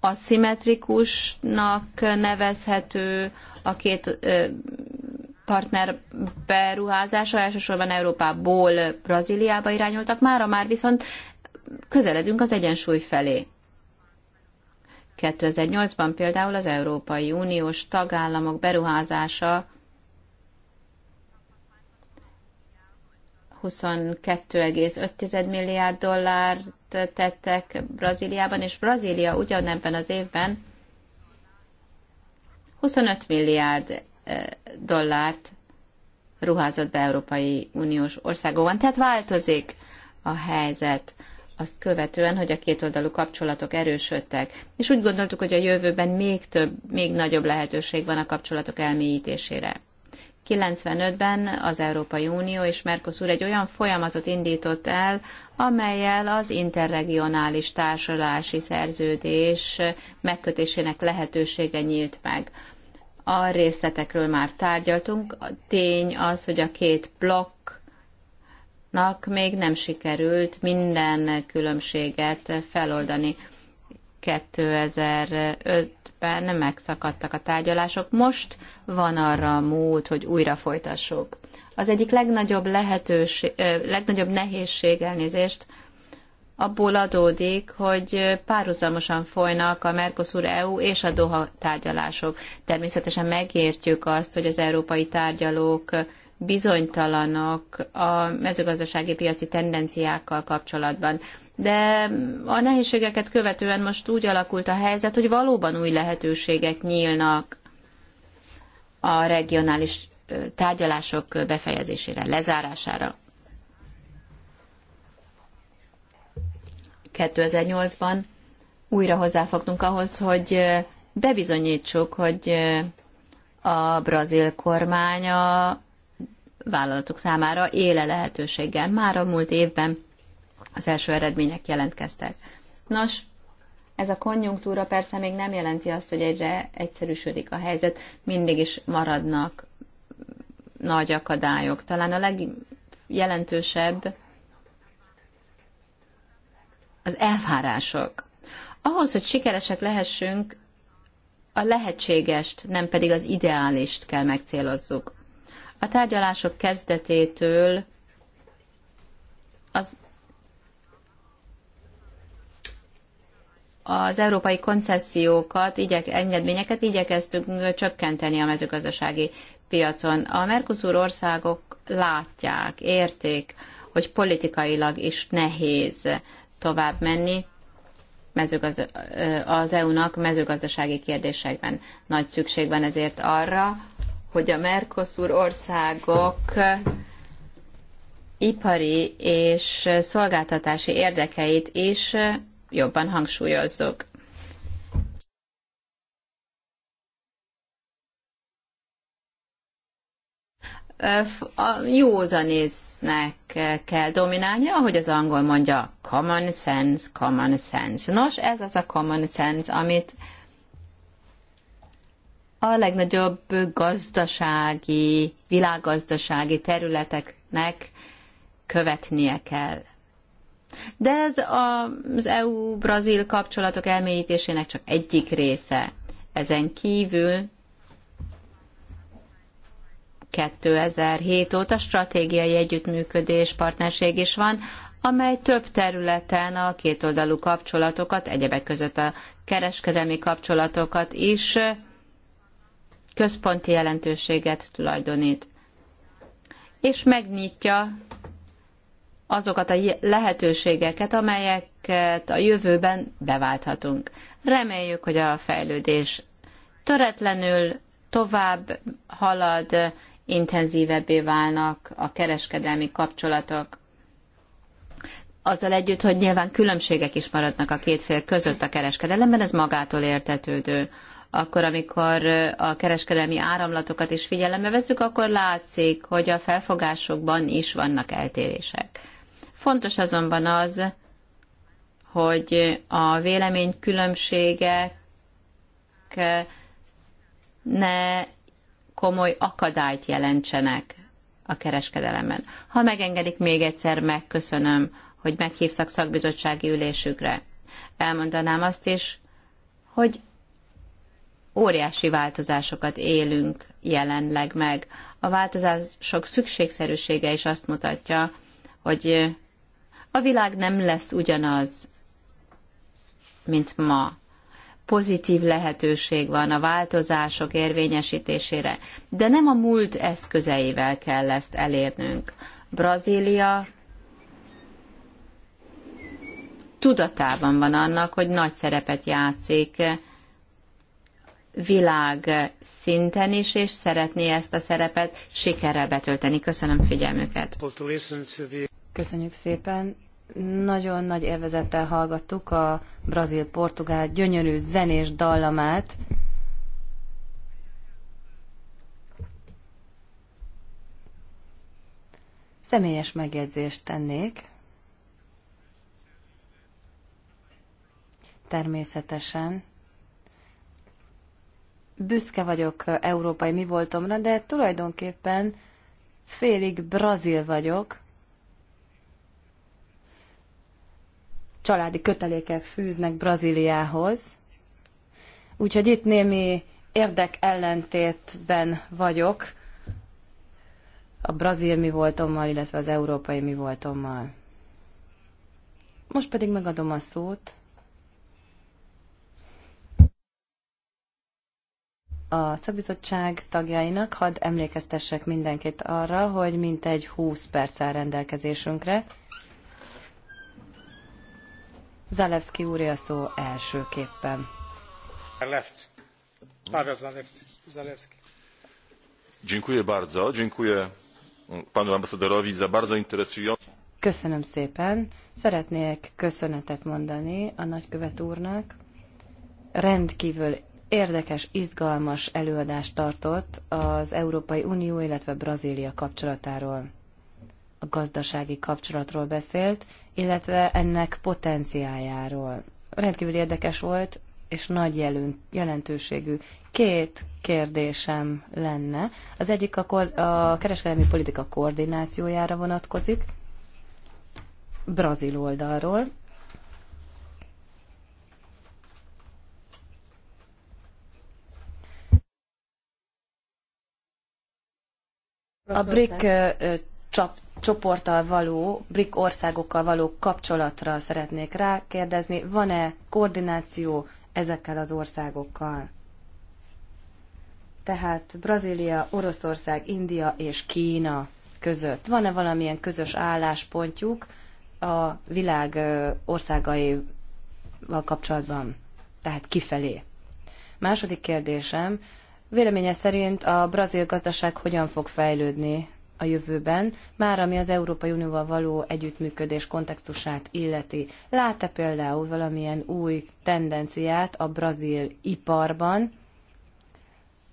aszimmetrikusnak nevezhető a két partner beruházása elsősorban Európából Brazíliába irányultak, mára már viszont közeledünk az egyensúly felé. 2008-ban például az Európai Uniós tagállamok beruházása 22,5 milliárd dollárt tettek Brazíliában, és Brazília ugyanebben az évben 25 milliárd dollárt ruházott be Európai Uniós országokban. Tehát változik a helyzet azt követően, hogy a kétoldalú kapcsolatok erősödtek, és úgy gondoltuk, hogy a jövőben még több, még nagyobb lehetőség van a kapcsolatok elmélyítésére. 95-ben az Európai Unió és Mercosur egy olyan folyamatot indított el, amelyel az interregionális társadalási szerződés megkötésének lehetősége nyílt meg. A részletekről már tárgyaltunk. A tény az, hogy a két blokknak még nem sikerült minden különbséget feloldani. 2005-ben megszakadtak a tárgyalások, most van arra a mód, hogy újra folytassuk. Az egyik legnagyobb lehetőség, legnagyobb nehézség elnézést abból adódik, hogy párhuzamosan folynak a Mercosur EU és a Doha tárgyalások. Természetesen megértjük azt, hogy az európai tárgyalók bizonytalanok a mezőgazdasági piaci tendenciákkal kapcsolatban. De a nehézségeket követően most úgy alakult a helyzet, hogy valóban új lehetőségek nyílnak a regionális tárgyalások befejezésére, lezárására. 2008-ban újra hozzáfogtunk ahhoz, hogy bebizonyítsuk, hogy a brazil kormány a vállalatok számára éle lehetőséggel. Már a múlt évben az első eredmények jelentkeztek. Nos, ez a konjunktúra persze még nem jelenti azt, hogy egyre egyszerűsödik a helyzet, mindig is maradnak nagy akadályok. Talán a legjelentősebb az elvárások. Ahhoz, hogy sikeresek lehessünk, a lehetségest, nem pedig az ideálist kell megcélozzuk. A tárgyalások kezdetétől az, az európai koncesziókat, igyek, engedményeket igyekeztünk csökkenteni a mezőgazdasági piacon. A Mercosur országok látják, érték, hogy politikailag is nehéz tovább menni mezőgazda- az EU-nak mezőgazdasági kérdésekben. Nagy szükség van ezért arra, hogy a Mercosur országok ipari és szolgáltatási érdekeit is jobban hangsúlyozzuk. a józanésznek kell dominálni, ahogy az angol mondja, common sense, common sense. Nos, ez az a common sense, amit a legnagyobb gazdasági, világgazdasági területeknek követnie kell. De ez az EU-Brazil kapcsolatok elmélyítésének csak egyik része. Ezen kívül 2007 óta stratégiai együttműködés, partnerség is van, amely több területen a kétoldalú kapcsolatokat, egyebek között a kereskedelmi kapcsolatokat is központi jelentőséget tulajdonít. És megnyitja azokat a lehetőségeket, amelyeket a jövőben beválthatunk. Reméljük, hogy a fejlődés töretlenül tovább halad, intenzívebbé válnak a kereskedelmi kapcsolatok. Azzal együtt, hogy nyilván különbségek is maradnak a két fél között a kereskedelemben, ez magától értetődő. Akkor, amikor a kereskedelmi áramlatokat is figyelembe veszük, akkor látszik, hogy a felfogásokban is vannak eltérések. Fontos azonban az, hogy a véleménykülönbségek ne komoly akadályt jelentsenek a kereskedelemben. Ha megengedik, még egyszer megköszönöm, hogy meghívtak szakbizottsági ülésükre. Elmondanám azt is, hogy óriási változásokat élünk jelenleg meg. A változások szükségszerűsége is azt mutatja, hogy a világ nem lesz ugyanaz, mint ma pozitív lehetőség van a változások érvényesítésére, de nem a múlt eszközeivel kell ezt elérnünk. Brazília tudatában van annak, hogy nagy szerepet játszik világ szinten is, és szeretné ezt a szerepet sikerrel betölteni. Köszönöm figyelmüket. Köszönjük szépen nagyon nagy élvezettel hallgattuk a brazil-portugál gyönyörű zenés dallamát. Személyes megjegyzést tennék. Természetesen. Büszke vagyok európai mi voltomra, de tulajdonképpen félig brazil vagyok, családi kötelékek fűznek Brazíliához. Úgyhogy itt némi érdek ellentétben vagyok a brazil mi voltommal, illetve az európai mi voltommal. Most pedig megadom a szót a szakbizottság tagjainak. Hadd emlékeztessek mindenkit arra, hogy mintegy 20 perc áll rendelkezésünkre. Zalewski úrja a szó elsőképpen. Zalewski. za Köszönöm szépen. Szeretnék köszönetet mondani a nagykövet úrnak. Rendkívül érdekes, izgalmas előadást tartott az Európai Unió, illetve Brazília kapcsolatáról a gazdasági kapcsolatról beszélt, illetve ennek potenciájáról. Rendkívül érdekes volt, és nagy jelön, jelentőségű. Két kérdésem lenne. Az egyik a, kor, a kereskedelmi politika koordinációjára vonatkozik, brazil oldalról. A BRIC csap, csoporttal való, BRIC országokkal való kapcsolatra szeretnék rákérdezni. Van-e koordináció ezekkel az országokkal? Tehát Brazília, Oroszország, India és Kína között. Van-e valamilyen közös álláspontjuk a világ országaival kapcsolatban? Tehát kifelé. Második kérdésem, véleménye szerint a brazil gazdaság hogyan fog fejlődni a jövőben, már ami az Európai Unióval való együttműködés kontextusát illeti. Lát-e például valamilyen új tendenciát a brazil iparban?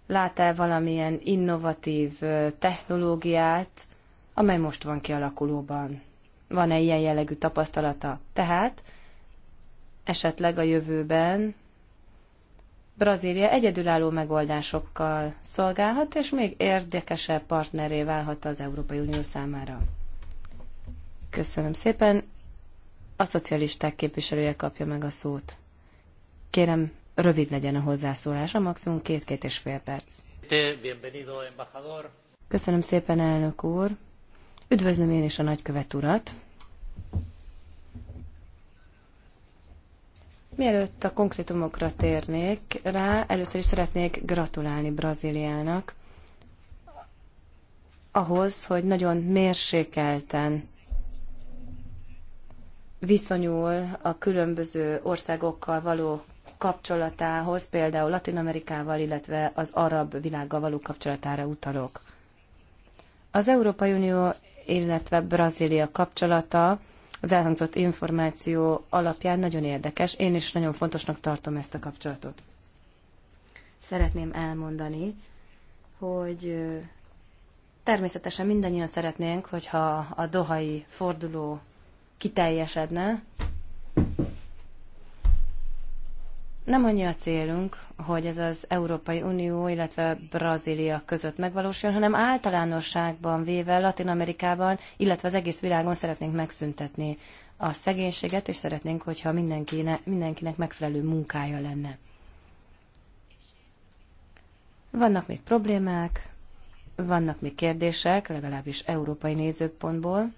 Lát-e valamilyen innovatív technológiát, amely most van kialakulóban? Van-e ilyen jellegű tapasztalata? Tehát esetleg a jövőben Brazília egyedülálló megoldásokkal szolgálhat, és még érdekesebb partneré válhat az Európai Unió számára. Köszönöm szépen. A szocialisták képviselője kapja meg a szót. Kérem, rövid legyen a hozzászólása, maximum két-két és fél perc. Köszönöm szépen, elnök úr. Üdvözlöm én is a nagykövet urat. Mielőtt a konkrétumokra térnék rá, először is szeretnék gratulálni Brazíliának ahhoz, hogy nagyon mérsékelten viszonyul a különböző országokkal való kapcsolatához, például Latin Amerikával, illetve az arab világgal való kapcsolatára utalok. Az Európai Unió, illetve Brazília kapcsolata az elhangzott információ alapján nagyon érdekes. Én is nagyon fontosnak tartom ezt a kapcsolatot. Szeretném elmondani, hogy természetesen mindannyian szeretnénk, hogyha a dohai forduló kiteljesedne, Nem annyi a célunk, hogy ez az Európai Unió, illetve Brazília között megvalósuljon, hanem általánosságban véve Latin Amerikában, illetve az egész világon szeretnénk megszüntetni a szegénységet, és szeretnénk, hogyha mindenkinek, mindenkinek megfelelő munkája lenne. Vannak még problémák, vannak még kérdések, legalábbis európai nézőpontból.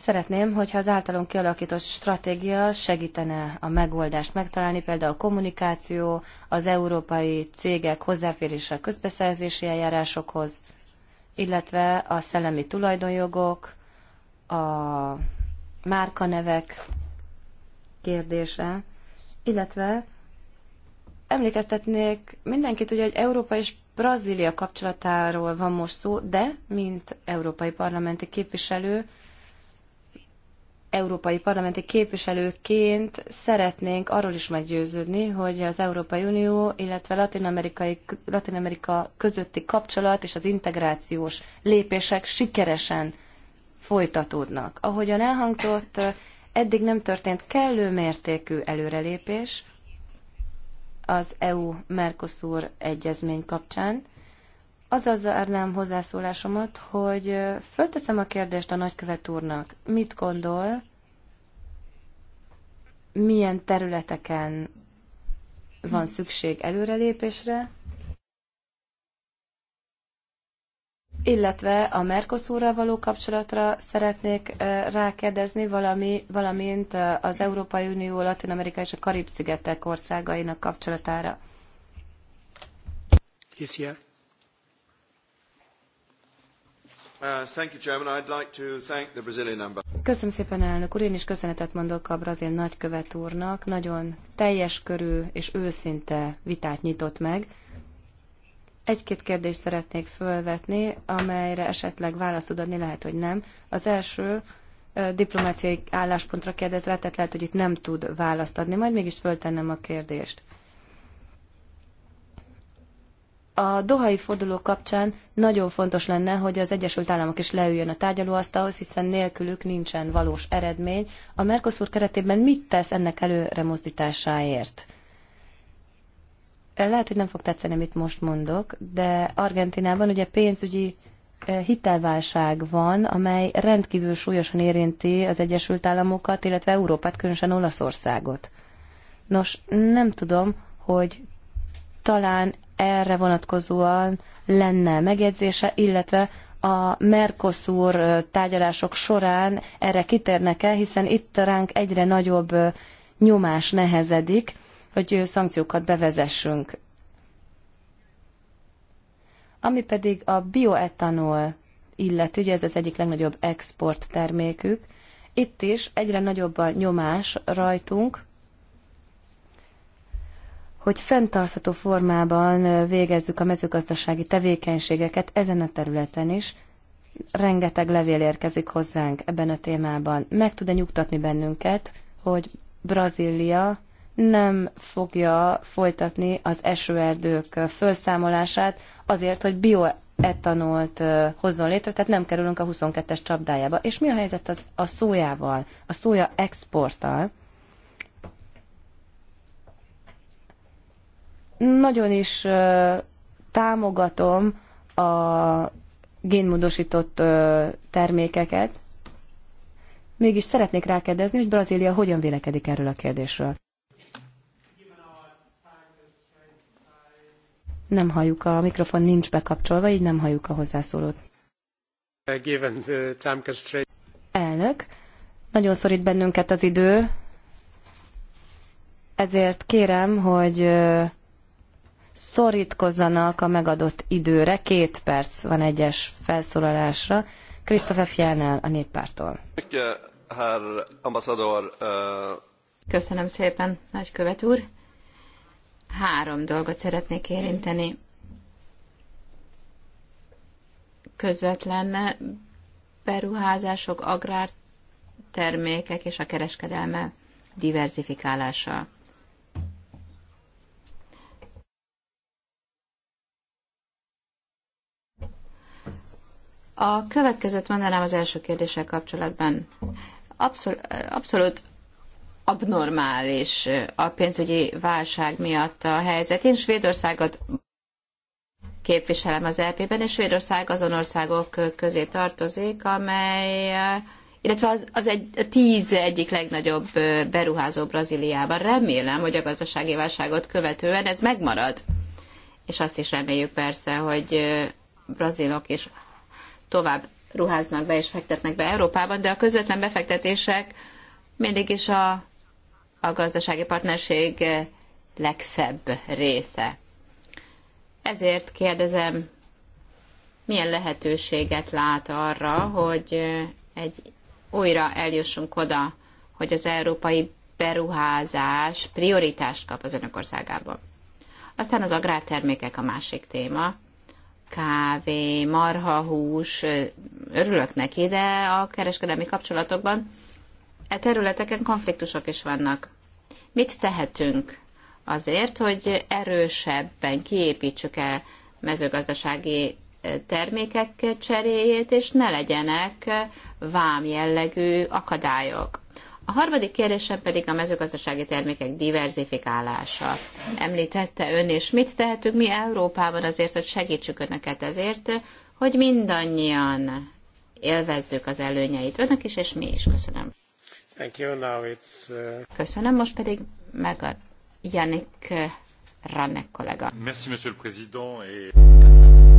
Szeretném, hogyha az általunk kialakított stratégia segítene a megoldást megtalálni, például a kommunikáció, az európai cégek hozzáférése a közbeszerzési eljárásokhoz, illetve a szellemi tulajdonjogok, a márkanevek kérdése, illetve emlékeztetnék mindenkit, ugye, hogy Európa és Brazília kapcsolatáról van most szó, de mint európai parlamenti képviselő, európai parlamenti képviselőként szeretnénk arról is meggyőződni, hogy az Európai Unió, illetve Latin-Amerikai, Latin Amerika közötti kapcsolat és az integrációs lépések sikeresen folytatódnak. Ahogyan elhangzott, eddig nem történt kellő mértékű előrelépés az EU-Mercosur egyezmény kapcsán, azzal zárnám hozzászólásomat, hogy fölteszem a kérdést a nagykövet úrnak. Mit gondol, milyen területeken van szükség előrelépésre, illetve a Mercosurral való kapcsolatra szeretnék rákérdezni, valami, valamint az Európai Unió, Latin Amerika és a Karib-szigetek országainak kapcsolatára. Köszönöm. Uh, Köszönöm szépen, elnök úr. Én is köszönetet mondok a brazil nagykövet úrnak. Nagyon teljes körű és őszinte vitát nyitott meg. Egy-két kérdést szeretnék fölvetni, amelyre esetleg választ tud adni, lehet, hogy nem. Az első uh, diplomáciai álláspontra kérdezve, tehát lehet, hogy itt nem tud választ adni, majd mégis föltennem a kérdést a dohai forduló kapcsán nagyon fontos lenne, hogy az Egyesült Államok is leüljön a tárgyalóasztalhoz, hiszen nélkülük nincsen valós eredmény. A Mercosur keretében mit tesz ennek előre mozdításáért? Lehet, hogy nem fog tetszeni, amit most mondok, de Argentinában ugye pénzügyi eh, hitelválság van, amely rendkívül súlyosan érinti az Egyesült Államokat, illetve Európát, különösen Olaszországot. Nos, nem tudom, hogy talán erre vonatkozóan lenne megjegyzése, illetve a Mercosur tárgyalások során erre kitérnek-e, hiszen itt ránk egyre nagyobb nyomás nehezedik, hogy szankciókat bevezessünk. Ami pedig a bioetanol illet, ugye ez az egyik legnagyobb export termékük, itt is egyre nagyobb a nyomás rajtunk, hogy fenntartható formában végezzük a mezőgazdasági tevékenységeket ezen a területen is. Rengeteg levél érkezik hozzánk ebben a témában. Meg tud-e nyugtatni bennünket, hogy Brazília nem fogja folytatni az esőerdők felszámolását azért, hogy bioetanolt hozzon létre, tehát nem kerülünk a 22-es csapdájába. És mi a helyzet az, a szójával, a szója exporttal? Nagyon is támogatom a génmódosított termékeket. Mégis szeretnék rákérdezni, hogy Brazília hogyan vélekedik erről a kérdésről. Nem halljuk, a mikrofon nincs bekapcsolva, így nem halljuk a hozzászólót. Elnök, nagyon szorít bennünket az idő, ezért kérem, hogy szorítkozzanak a megadott időre. Két perc van egyes felszólalásra. Krisztofer Fjellner a néppártól. Köszönöm szépen, nagykövet úr. Három dolgot szeretnék érinteni. Közvetlen beruházások, agrártermékek és a kereskedelme diversifikálása. A következőt mondanám az első kérdéssel kapcsolatban. Abszol- abszolút abnormális a pénzügyi válság miatt a helyzet. Én Svédországot képviselem az LP-ben, e és Svédország azon országok közé tartozik, amely illetve az, az egy, tíz egyik legnagyobb beruházó Brazíliában. Remélem, hogy a gazdasági válságot követően ez megmarad. És azt is reméljük persze, hogy brazilok és tovább ruháznak be és fektetnek be Európában, de a közvetlen befektetések mindig is a, a gazdasági partnerség legszebb része. Ezért kérdezem, milyen lehetőséget lát arra, hogy egy újra eljussunk oda, hogy az európai beruházás prioritást kap az önök országában. Aztán az agrártermékek a másik téma kávé, marhahús, örülök neki, de a kereskedelmi kapcsolatokban e területeken konfliktusok is vannak. Mit tehetünk azért, hogy erősebben kiépítsük el mezőgazdasági termékek cseréjét, és ne legyenek vám jellegű akadályok. A harmadik kérdésem pedig a mezőgazdasági termékek diverzifikálása. Említette ön is, mit tehetünk mi Európában azért, hogy segítsük önöket ezért, hogy mindannyian élvezzük az előnyeit. Önök is, és mi is. Köszönöm. Thank you. Now it's, uh... Köszönöm, most pedig meg a Janik Rannek kollega. Merci, monsieur le président. Et...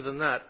than that.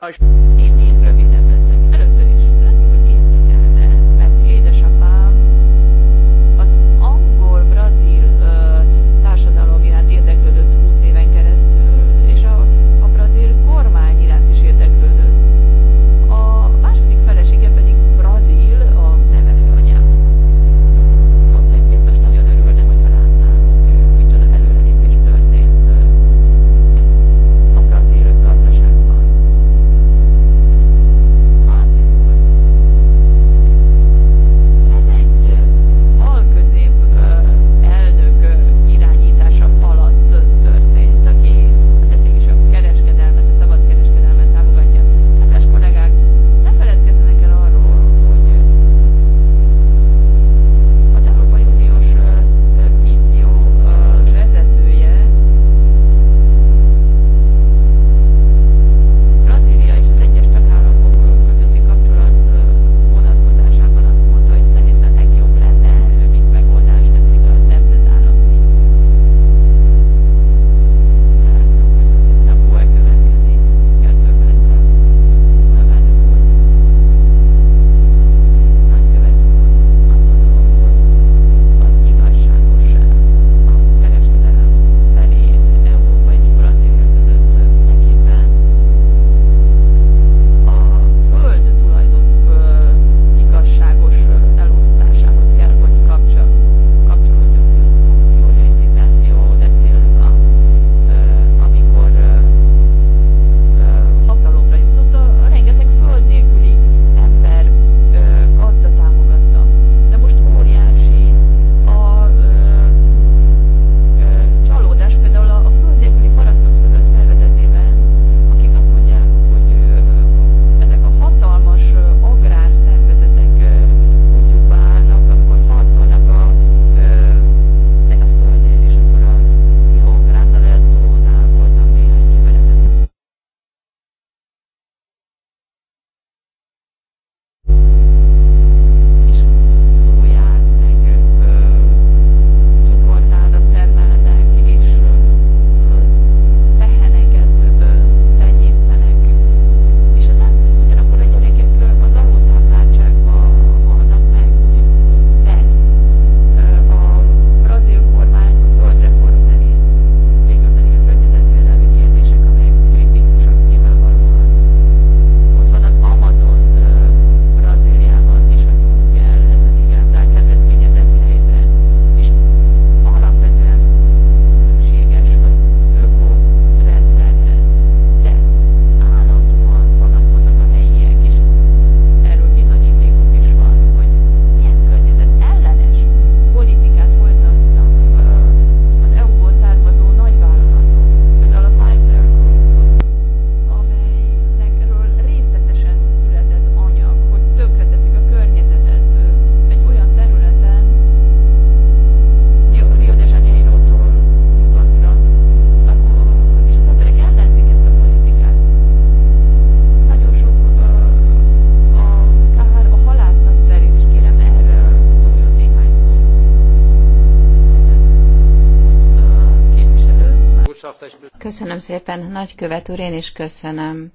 Köszönöm szépen, nagykövet úr, én is köszönöm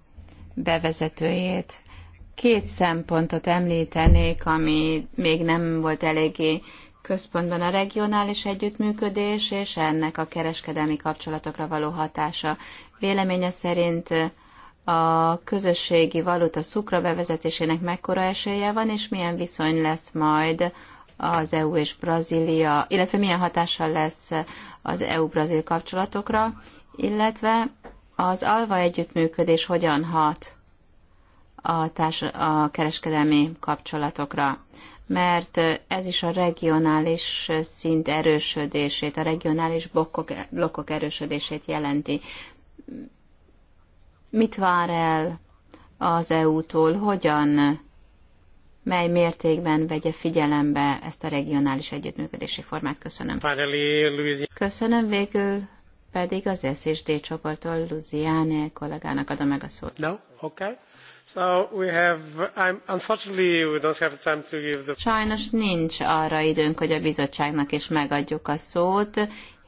bevezetőjét. Két szempontot említenék, ami még nem volt eléggé központban a regionális együttműködés és ennek a kereskedelmi kapcsolatokra való hatása. Véleménye szerint a közösségi valuta szukra bevezetésének mekkora esélye van, és milyen viszony lesz majd az EU és Brazília, illetve milyen hatással lesz az EU-Brazil kapcsolatokra, illetve az alva együttműködés hogyan hat a, társ- a kereskedelmi kapcsolatokra, mert ez is a regionális szint erősödését, a regionális blokkok, blokkok erősödését jelenti. Mit vár el az EU-tól, hogyan, mely mértékben vegye figyelembe ezt a regionális együttműködési formát? Köszönöm. Köszönöm végül pedig az SSD csoporttól Luziane kollégának adom meg a szót. No? Okay. So we have, I'm, unfortunately we don't have time to give the... Sajnos nincs arra időnk, hogy a bizottságnak is megadjuk a szót,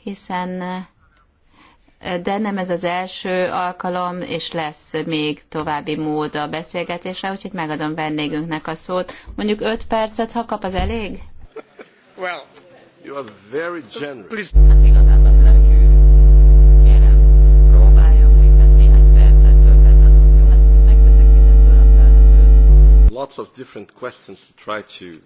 hiszen de nem ez az első alkalom, és lesz még további mód a beszélgetésre, úgyhogy megadom vendégünknek a szót. Mondjuk öt percet, ha kap, az elég? Well, you are very generous. Please. Hát lots of different questions to try to...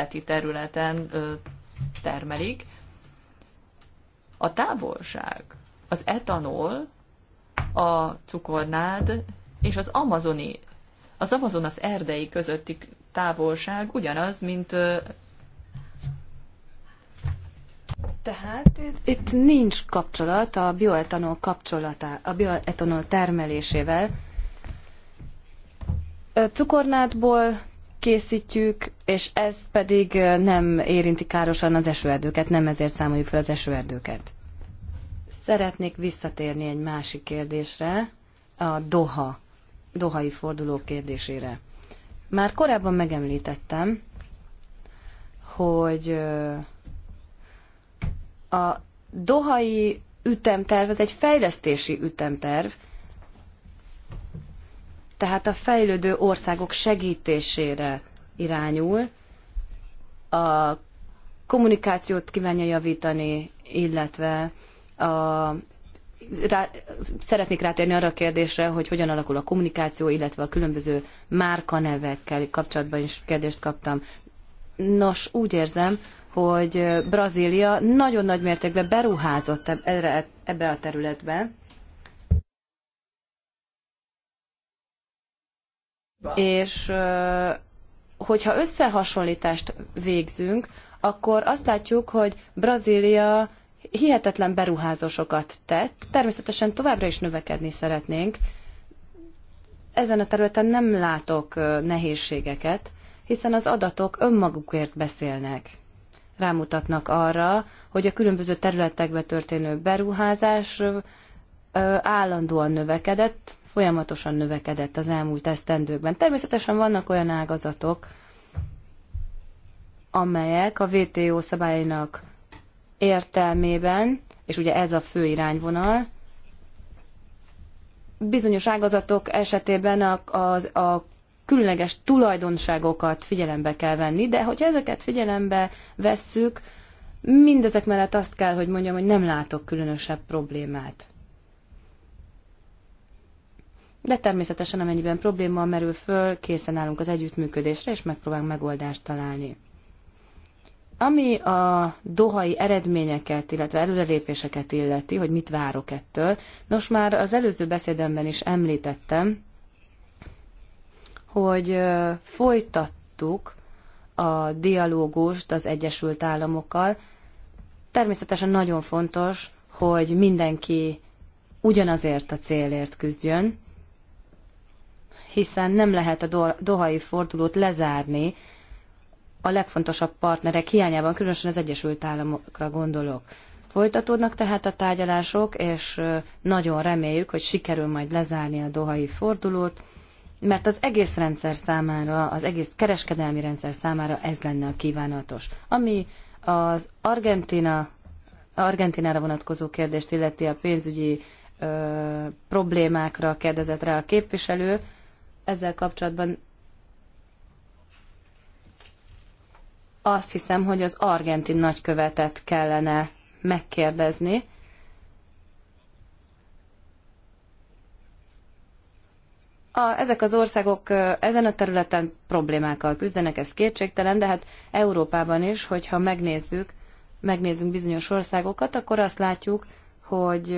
keleti területen termelik. A távolság, az etanol, a cukornád és az amazoni, az amazon az erdei közötti távolság ugyanaz, mint tehát itt, itt nincs kapcsolat a bioetanol kapcsolatá, a bioetanol termelésével. cukornádból készítjük, és ez pedig nem érinti károsan az esőerdőket, nem ezért számoljuk fel az esőerdőket. Szeretnék visszatérni egy másik kérdésre, a Doha, Dohai forduló kérdésére. Már korábban megemlítettem, hogy a Dohai ütemterv, az egy fejlesztési ütemterv, tehát a fejlődő országok segítésére irányul, a kommunikációt kívánja javítani, illetve a, rá, szeretnék rátérni arra a kérdésre, hogy hogyan alakul a kommunikáció, illetve a különböző márkanevekkel kapcsolatban is kérdést kaptam. Nos, úgy érzem, hogy Brazília nagyon nagy mértékben beruházott ebbe a területbe, És hogyha összehasonlítást végzünk, akkor azt látjuk, hogy Brazília hihetetlen beruházásokat tett. Természetesen továbbra is növekedni szeretnénk. Ezen a területen nem látok nehézségeket, hiszen az adatok önmagukért beszélnek. Rámutatnak arra, hogy a különböző területekbe történő beruházás állandóan növekedett, folyamatosan növekedett az elmúlt esztendőkben. Természetesen vannak olyan ágazatok, amelyek a WTO szabályainak értelmében, és ugye ez a fő irányvonal, bizonyos ágazatok esetében a, az, a különleges tulajdonságokat figyelembe kell venni, de hogyha ezeket figyelembe vesszük, mindezek mellett azt kell, hogy mondjam, hogy nem látok különösebb problémát de természetesen amennyiben probléma merül föl, készen állunk az együttműködésre, és megpróbálunk megoldást találni. Ami a dohai eredményeket, illetve előrelépéseket illeti, hogy mit várok ettől, nos már az előző beszédemben is említettem, hogy folytattuk a dialógust az Egyesült Államokkal. Természetesen nagyon fontos, hogy mindenki ugyanazért a célért küzdjön, hiszen nem lehet a dohai fordulót lezárni a legfontosabb partnerek hiányában, különösen az Egyesült Államokra gondolok. Folytatódnak tehát a tárgyalások, és nagyon reméljük, hogy sikerül majd lezárni a dohai fordulót, mert az egész rendszer számára, az egész kereskedelmi rendszer számára ez lenne a kívánatos. Ami az Argentina, Argentinára vonatkozó kérdést illeti a pénzügyi ö, problémákra kérdezett rá a képviselő, ezzel kapcsolatban azt hiszem, hogy az argentin nagykövetet kellene megkérdezni. A, ezek az országok ezen a területen problémákkal küzdenek, ez kétségtelen, de hát Európában is, hogyha megnézzük, megnézzünk bizonyos országokat, akkor azt látjuk, hogy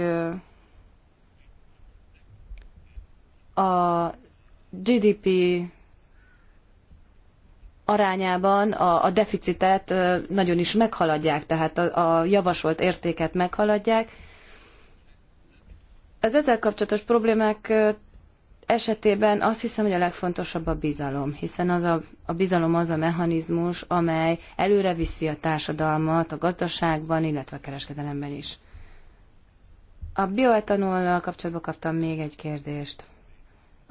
a GDP arányában a, a deficitet nagyon is meghaladják, tehát a, a javasolt értéket meghaladják. Az ezzel kapcsolatos problémák esetében azt hiszem, hogy a legfontosabb a bizalom, hiszen az a, a bizalom az a mechanizmus, amely előre viszi a társadalmat a gazdaságban, illetve a kereskedelemben is. A bioetanollal kapcsolatban kaptam még egy kérdést.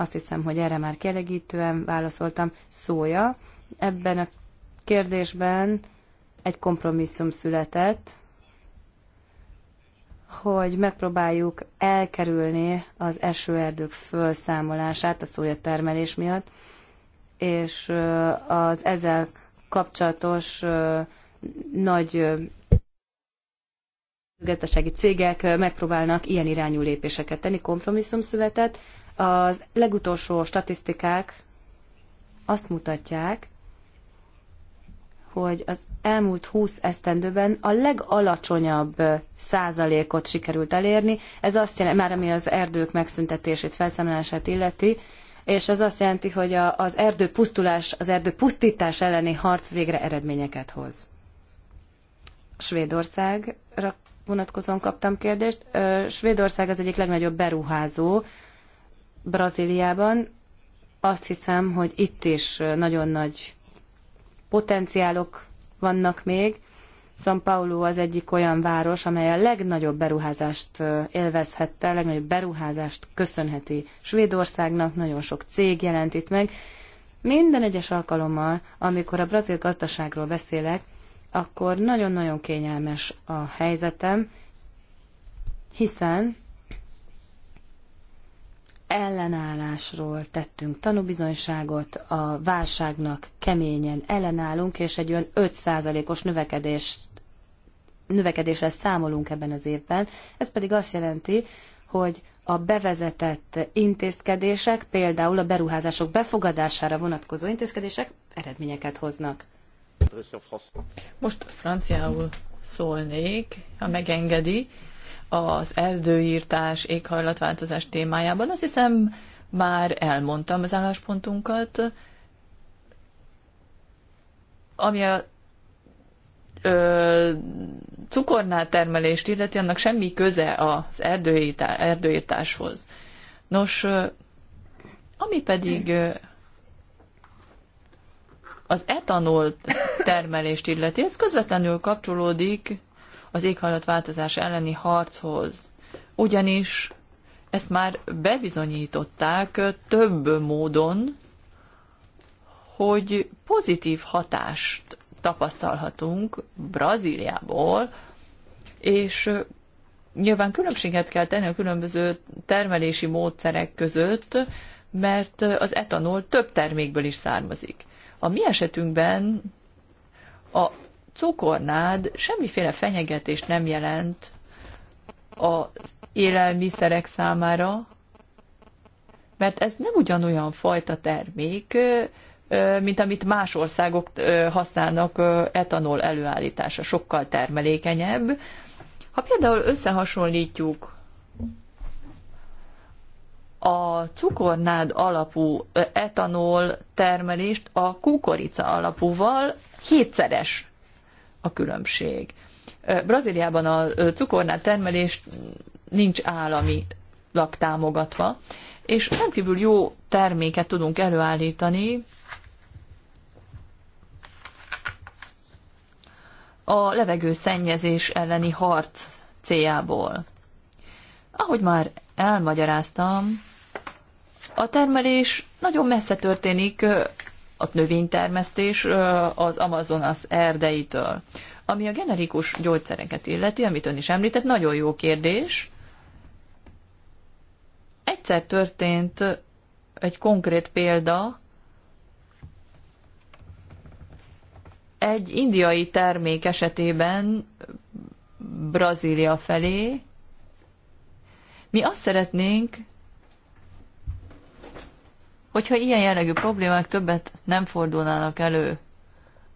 Azt hiszem, hogy erre már kielégítően válaszoltam. Szója, ebben a kérdésben egy kompromisszum született, hogy megpróbáljuk elkerülni az esőerdők felszámolását a szója termelés miatt, és az ezzel kapcsolatos nagy gazdasági cégek megpróbálnak ilyen irányú lépéseket tenni, kompromisszum született, az legutolsó statisztikák azt mutatják, hogy az elmúlt 20 esztendőben a legalacsonyabb százalékot sikerült elérni. Ez azt jelenti, már ami az erdők megszüntetését, felszámolását illeti, és ez azt jelenti, hogy a, az erdő pusztulás, az erdő pusztítás elleni harc végre eredményeket hoz. Svédországra vonatkozóan kaptam kérdést. Svédország az egyik legnagyobb beruházó Brazíliában, azt hiszem, hogy itt is nagyon nagy potenciálok vannak még. São Paulo az egyik olyan város, amely a legnagyobb beruházást élvezhette, a legnagyobb beruházást köszönheti Svédországnak, nagyon sok cég jelent itt meg. Minden egyes alkalommal, amikor a brazil gazdaságról beszélek, akkor nagyon-nagyon kényelmes a helyzetem, hiszen ellenállásról tettünk tanúbizonyságot, a válságnak keményen ellenállunk, és egy olyan 5%-os növekedést növekedésre számolunk ebben az évben. Ez pedig azt jelenti, hogy a bevezetett intézkedések, például a beruházások befogadására vonatkozó intézkedések eredményeket hoznak. Most franciául szólnék, ha megengedi az erdőírtás, éghajlatváltozás témájában. Azt hiszem, már elmondtam az álláspontunkat, ami a ö, cukornál termelést illeti, annak semmi köze az erdőírtáshoz. Nos, ami pedig az etanol termelést illeti, ez közvetlenül kapcsolódik az éghajlatváltozás elleni harchoz. Ugyanis ezt már bebizonyították több módon, hogy pozitív hatást tapasztalhatunk Brazíliából, és nyilván különbséget kell tenni a különböző termelési módszerek között, mert az etanol több termékből is származik. A mi esetünkben a cukornád semmiféle fenyegetést nem jelent az élelmiszerek számára, mert ez nem ugyanolyan fajta termék, mint amit más országok használnak etanol előállítása, sokkal termelékenyebb. Ha például összehasonlítjuk a cukornád alapú etanol termelést a kukorica alapúval, kétszeres a különbség. Brazíliában a cukornát termelés nincs állami támogatva, és rendkívül jó terméket tudunk előállítani, a levegő szennyezés elleni harc céljából. Ahogy már elmagyaráztam, a termelés nagyon messze történik a növénytermesztés az Amazonas erdeitől. Ami a generikus gyógyszereket illeti, amit ön is említett, nagyon jó kérdés. Egyszer történt egy konkrét példa, egy indiai termék esetében Brazília felé, mi azt szeretnénk, hogyha ilyen jellegű problémák többet nem fordulnának elő,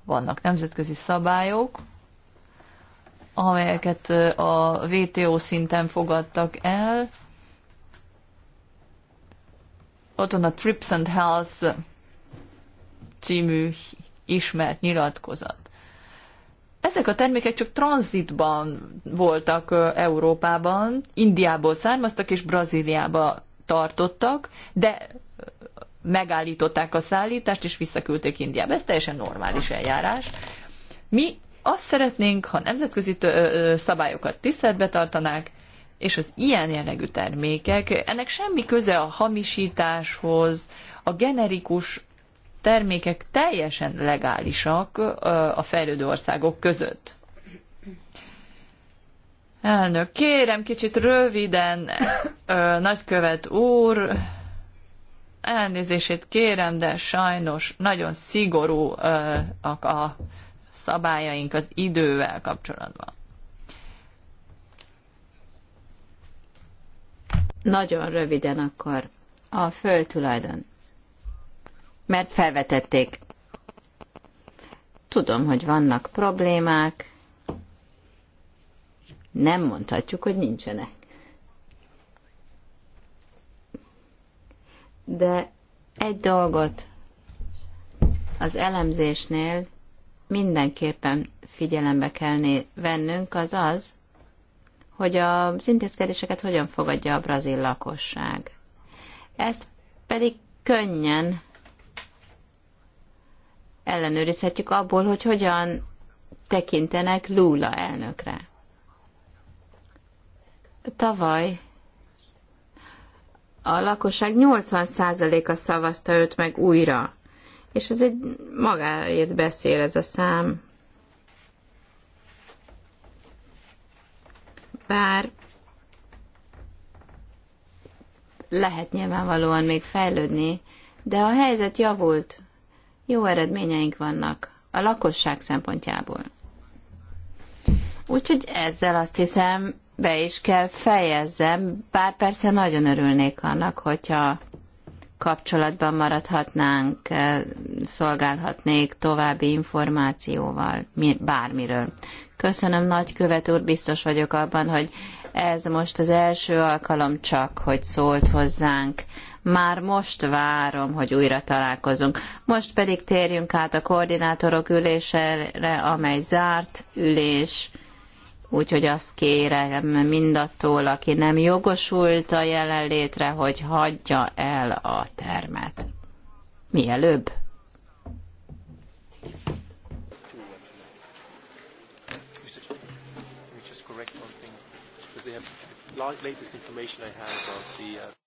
vannak nemzetközi szabályok, amelyeket a WTO szinten fogadtak el. Ott van a Trips and Health című ismert nyilatkozat. Ezek a termékek csak tranzitban voltak Európában, Indiából származtak és Brazíliába tartottak, de megállították a szállítást, és visszaküldték Indiába. Ez teljesen normális eljárás. Mi azt szeretnénk, ha nemzetközi szabályokat tiszteletbe tartanák, és az ilyen jellegű termékek, ennek semmi köze a hamisításhoz, a generikus termékek teljesen legálisak a fejlődő országok között. Elnök, kérem kicsit röviden, nagykövet úr, elnézését kérem, de sajnos nagyon szigorúak a szabályaink az idővel kapcsolatban. Nagyon röviden akkor. A földtulajdon. Mert felvetették. Tudom, hogy vannak problémák. Nem mondhatjuk, hogy nincsenek. de egy dolgot az elemzésnél mindenképpen figyelembe kell vennünk, az az, hogy az intézkedéseket hogyan fogadja a brazil lakosság. Ezt pedig könnyen ellenőrizhetjük abból, hogy hogyan tekintenek Lula elnökre. Tavaly a lakosság 80%-a szavazta őt meg újra. És ez egy magáért beszél ez a szám. Bár lehet nyilvánvalóan még fejlődni, de a helyzet javult. Jó eredményeink vannak a lakosság szempontjából. Úgyhogy ezzel azt hiszem, be is kell fejezzem, bár persze nagyon örülnék annak, hogyha kapcsolatban maradhatnánk, eh, szolgálhatnék további információval, bármiről. Köszönöm, nagykövet úr, biztos vagyok abban, hogy ez most az első alkalom csak, hogy szólt hozzánk. Már most várom, hogy újra találkozunk. Most pedig térjünk át a koordinátorok ülésére, amely zárt ülés. Úgyhogy azt kérem mindattól, aki nem jogosult a jelenlétre, hogy hagyja el a termet. Mielőbb. latest information I have of the uh,